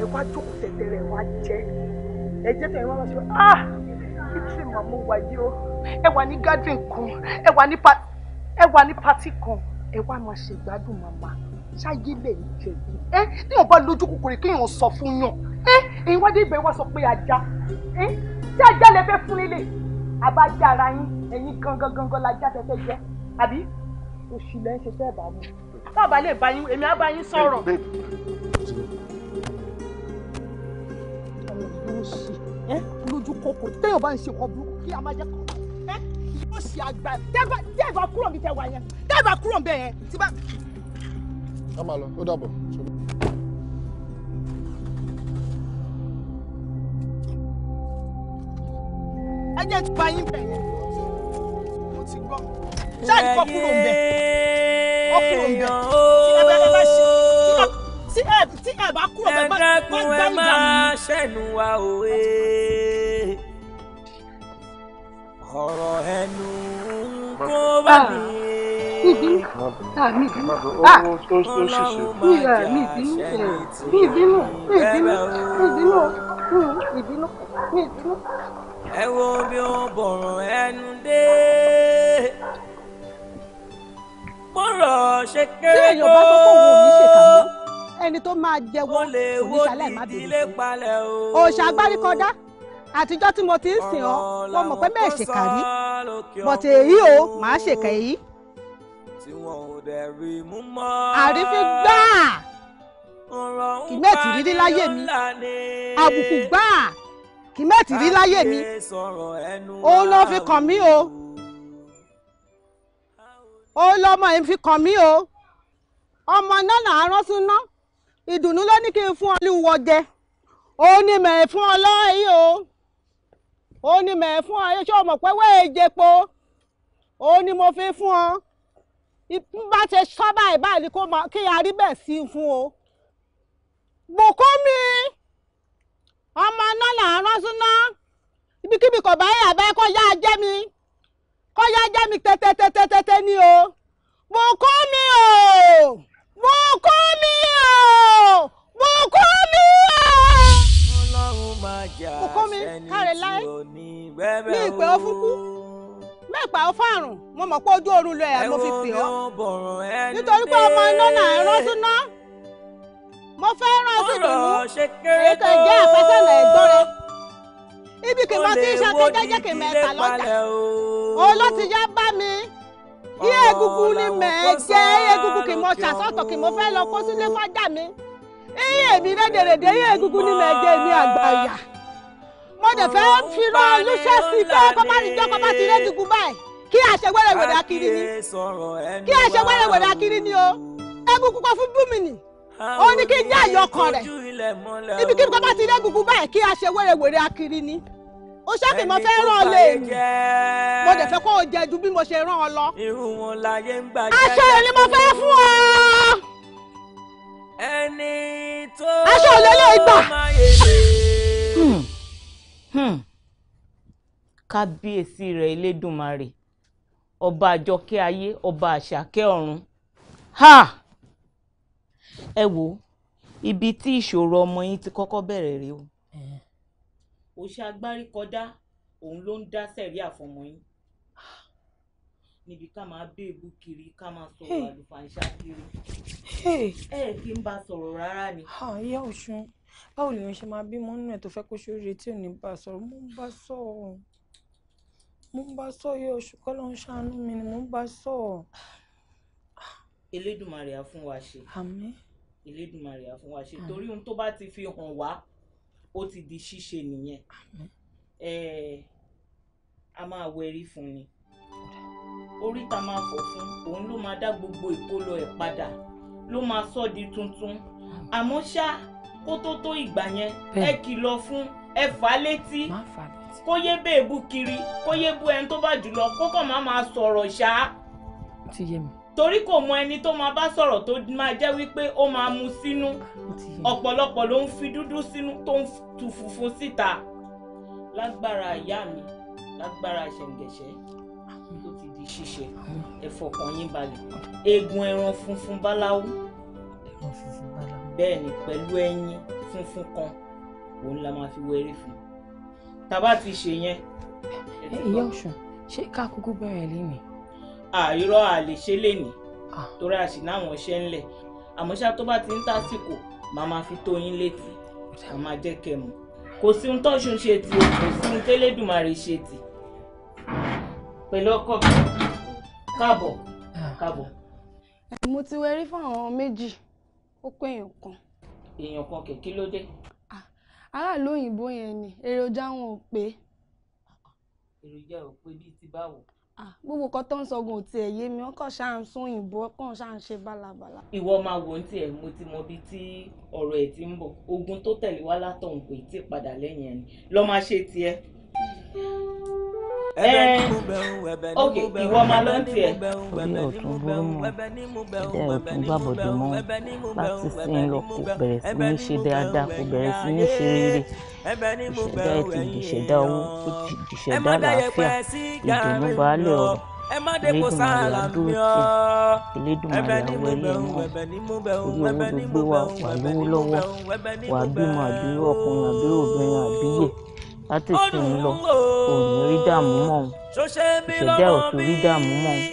ẹ wá jókòó tẹ̀tẹ̀rẹ̀ wá jẹ ẹ jẹ́ tẹ̀ ẹ wá wá ṣe ah kítì màmú wa yìí o ẹ wà ní gathering kan ẹ wà ní party kan ẹ wá máa ṣègbádùn màmá ṣáyé lè ń jẹ̀bi ẹ téèyàn bá lójú kòkòrò kéèyàn sọ fún yàn ẹ èyí wá dé ibẹ̀ wá sọ pé ajá ẹ tí ajá lẹ fẹ́ fún lélẹ̀ àbájá ara yín ẹ̀yin gangan gangan lajá tẹ́tẹ́ jẹ́ àbí oṣù lẹ́ ń ṣe tẹ́ ẹ̀ bá mú bàbá lè bá yín èmi á bá yín sọ̀rọ̀. lójú kòkòrò téèyàn bá ń ṣe ọkọ̀ burúkú kí a má jẹ́ kọ́ ẹ yóò ṣe àgbà tẹ́ ẹ kúrò níbi tẹ́ wà yẹn tẹ́ ẹ bá kúrò yẹn tí bá ká máa lọ ó dàbọ̀. ẹ jẹ́ ti bá yín bẹ̀ yẹn mo ti gbọ́ ṣáà ní kọ́ kúrò ń bẹ̀ kọ́ kúrò ń bẹ̀ tí ẹ bá ẹ bá ṣe tí ẹ tí ẹ bá kúrò bẹ̀ má gbá ìdààmú. ẹ máa mi bínú mi bínú mi bínú mi bínú mi bínú ẹ wo bí ó bọ̀rọ̀ ẹnu dé bọ́rọ̀ ṣe kéré tó ẹni tó máa jẹ́wọ́ oníṣàlẹ̀ má bèrè fún òòṣà agbáríkọdá àtijọ́ tí mo ti ń sìn ọ́ mo mọ̀ pé mẹ́ẹ̀ ṣèkà rí bọ̀tẹ̀ èyí o màá ṣèkà èyí tí wọn ò dẹ̀ rí mú mọ́. àrífín gbáà kìmẹ́ẹ̀tì rírí láyé mi àbùkù gbáà kìmẹ́ẹ̀tì rírí láyé mi òun ló fi kàn mí o òun lọmọ yìí fi kàn mí o ọmọ náà là ń rán súná ìdùnnú ló ní kí n fún ọ ní wọjẹ òun ni mẹ̀ fún ọ lọ́yìn o òun ni mẹ̀ fún ọ ṣé o mọ̀ pé wẹ́ẹ̀ jẹpo òun ni mo fi fún ọ bá ṣe sọ báyìí báyìí ni kí a rí bẹ́ẹ̀ sí i fún o. bùkúnmi ọmọ náà là ń rán súná ibikíbi kò bá yà kó yá jẹ́ mi kó yá jẹ́ mi tètètètètè ni o. bùkúnmi o bùkúnmi o bùkúnmi o. bùkúnmi káre láì ní ìpè ó mẹ́pà fárùn mo mọ̀ pé ojú oorun lọ ẹ̀ mo fi pè ọ́ nítorí pé ọmọ iná náà rán súná mo fẹ́ rán ìjẹ́ ibi kì mọ kí jẹ́jẹ́ kì mẹ́ta lọ́jà òun ló ti yá bá mi egungun ni jẹ́ egungun kì mọ kì fẹ́ lọ kó sílé mi rédèrèdè egungun ni jẹ́ àgbà ó dẹ̀ fẹ́ fira olúṣẹ́ sí pé kó má ní jọ́ kó má ti ré dùgún báyìí kí àṣewẹ́rẹ́ wẹ̀dà kiri ni kí àṣewẹ́rẹ́ wẹ̀dà kiri ni o egun kúkọ fún bùmìnì ó ní kí n yá àyọkàn rẹ̀ ibi kí kó má ti ré dùgún báyìí kí àṣewẹ́rẹ́ wẹ̀dà kiri ni o ṣáàkì mo fẹ́ rán ọ lé mi mo dẹ̀ fẹ́ kó o jẹ ju bí mo ṣe rán ọ lọ aṣọ ìrìn mo fẹ́ fún ọ aṣọ òlélẹ́gbà. Hmm. kábíyèsí rẹ̀ elédùnmarè ọba àjọkẹ́ ayé ọba àṣàkẹ́ ọ̀run ẹ wo ibi tí ìṣòro ọmọ yín ti kọ́kọ́ bẹ̀rẹ̀ rèé o òṣè agbárí kọjá òun ló ń dá sẹ̀rí àfọmọ́ yín níbi ká máa béèbù kiri ká máa sọ̀rọ̀ àlùfàǹṣá kiri ẹ kí n bá sọ̀rọ̀ rárá ni. àyà ọ̀ṣun báwo lèèyàn ṣe máa bímọ nínú ẹ̀ tó fẹ́ kó ṣoore tí ò ní bá a sọ̀rọ̀ mo ń bá sọ ọ mo ń bá sọ yóò oṣù kọ́ ló ń ṣàánú mi ni mo ń bá sọ ọ. elédùnmarè á fún wa ṣe àmín elédùnmarè á fún wa ṣe torí ohun tó bá ti fi hàn wá ó ti di ṣíṣe nìyẹn a máa wẹrí fún ni orí tá máa fọ̀ fún òun ló máa dá gbogbo ìkólọ ẹ̀ padà ló máa sọ di tuntun àmọ́ ṣá kó tó tó ìgbà yẹn ẹ kìlọ̀ fún ẹ fà á létí kó yé bèèbù kiri kó yé bú ẹni tó bá jùlọ kó kàn má máa sọ̀rọ̀ ṣá. torí kò mọ ẹni tó máa bá sọ̀rọ̀ tó máa jẹ́ wípé ó máa mu sínú ọ̀pọ̀lọpọ̀ ló ń fi dúdú sínú tó ń tu funfun síta lágbára ìyá mi lágbára ṣẹ̀ǹgẹ̀ṣẹ̀ tó ti di ṣíṣe ẹ yín balẹ̀ eegun ẹran funfun báláwo. ẹran funfun bẹ́ẹ̀ ni pẹ̀lú ẹyin funfun kan òun la máa fi wẹrí fún un tá a bá ti ṣe yẹn. ìyá ọ̀sùn ṣé ká kúkú bẹ̀rẹ̀ lénìí. àìrọ̀ àlè ṣe lénìí torí àṣì náwọn iṣẹ́ ńlẹ̀ àmọ́ ṣá tó bá ti ń tásìkò màá máa fi tó yín létí màá máa jẹ́ kẹ́ mọ̀ kò sí ohun tọ́sùn ṣe tì kò sí ohun tẹ́lẹ̀dùmarè ṣe tì pẹ̀lú ọkọ̀ káàbọ̀ káàbọ̀. mo ti wẹrí fún àwọn méjì ó pé èèyàn kan. èèyàn kan kẹ̀ kí ló dé. aráàlú òyìnbó yẹn ni èròjà wọn ò pé. èròjà ò pé bíi ti báwo. gbogbo kan tó ń sọgun ò tiẹ̀ yé mi wọ́n kàn ṣáà ń sún òyìnbó kàn ṣáà ń ṣe bálabàla. ìwọ máa wò ó tiẹ̀ mo ti mọ bíi tí ọ̀rọ̀ ẹ̀ ti ń bọ̀ ogun tó tẹ̀lé wá látọ̀hún kò tí ì padà lẹ́yìn ẹ̀ ni lọ́ọ́ máa ṣe tiẹ̀ ok ìwọ máa lọ tiẹ̀. orí ọ̀tún burú mọ́ ẹ̀dá ọ̀tún gbàbọ̀dé mọ́ láti sin lọ kò bẹ̀rẹ̀ sí ní ṣe dáadáa kò bẹ̀rẹ̀ sí ní ṣe rere ìṣẹ̀dá ẹ̀ ti dìṣẹ̀dá owó ó ti dìṣẹ̀dá àlàáfíà ìdùnnú baálé ọ̀rọ̀ elédùnmarè àdúrótì elédùnmarè àwọn ẹlẹ́nu orí owó gbogbo wa wà lówó lọ́wọ́ wà bímọ àbí ọkùnrin àbí obìnrin àbíyè látòsí ń lọ òní rí dààmú mọ́ òun ṣẹ̀dá ò tún rí dààmú mọ́ òun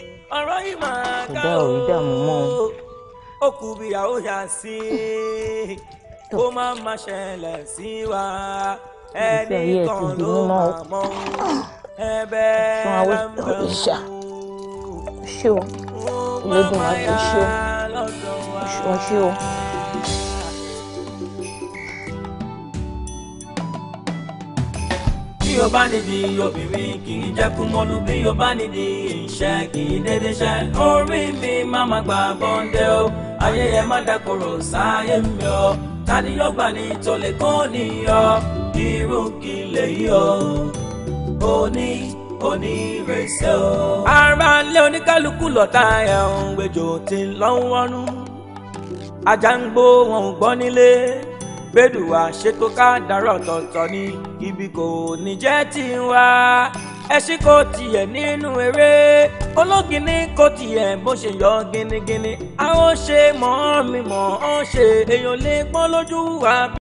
ṣẹ̀dá ò rí dààmú mọ́ òun. ó kù bí a ó yà sí i kó má má ṣẹlẹ̀ sí wa ẹnì kan ló máa mọ̀ òun ẹ̀bẹ̀ lẹ́mbẹ̀ẹ́ ṣé o ìlédùn àti ṣé o ṣé o. bí o bá nídìí obìnrin kì í jẹ́ kú mọ́lú bí o bá nídìí iṣẹ́ kì í dédé ṣe orí mi máa ma gbà bọ́ndẹ́ o ayé ẹ má dàkọ̀rọ̀ sáyé mi o ta ni yóò gbà ní irú kí lèyí o òní onírèsè o. ara lé oníkálukú lọ́tà ẹ̀ ń gbẹjọ́ tí ajá ń gbó wọn gbọ́ nílé bẹ́dùwà ṣètò ká dárọ̀ tọ̀tọ̀ ni ibi kò ní jẹ́ tí ń wá ẹṣin kò tiẹ̀ nínú eré ológìní kò tiẹ̀ bó ṣe yọ gínígíní a ó ṣe mọ́ mi mọ́ ọ́n ṣe èèyàn lè pọ́n lójú wa.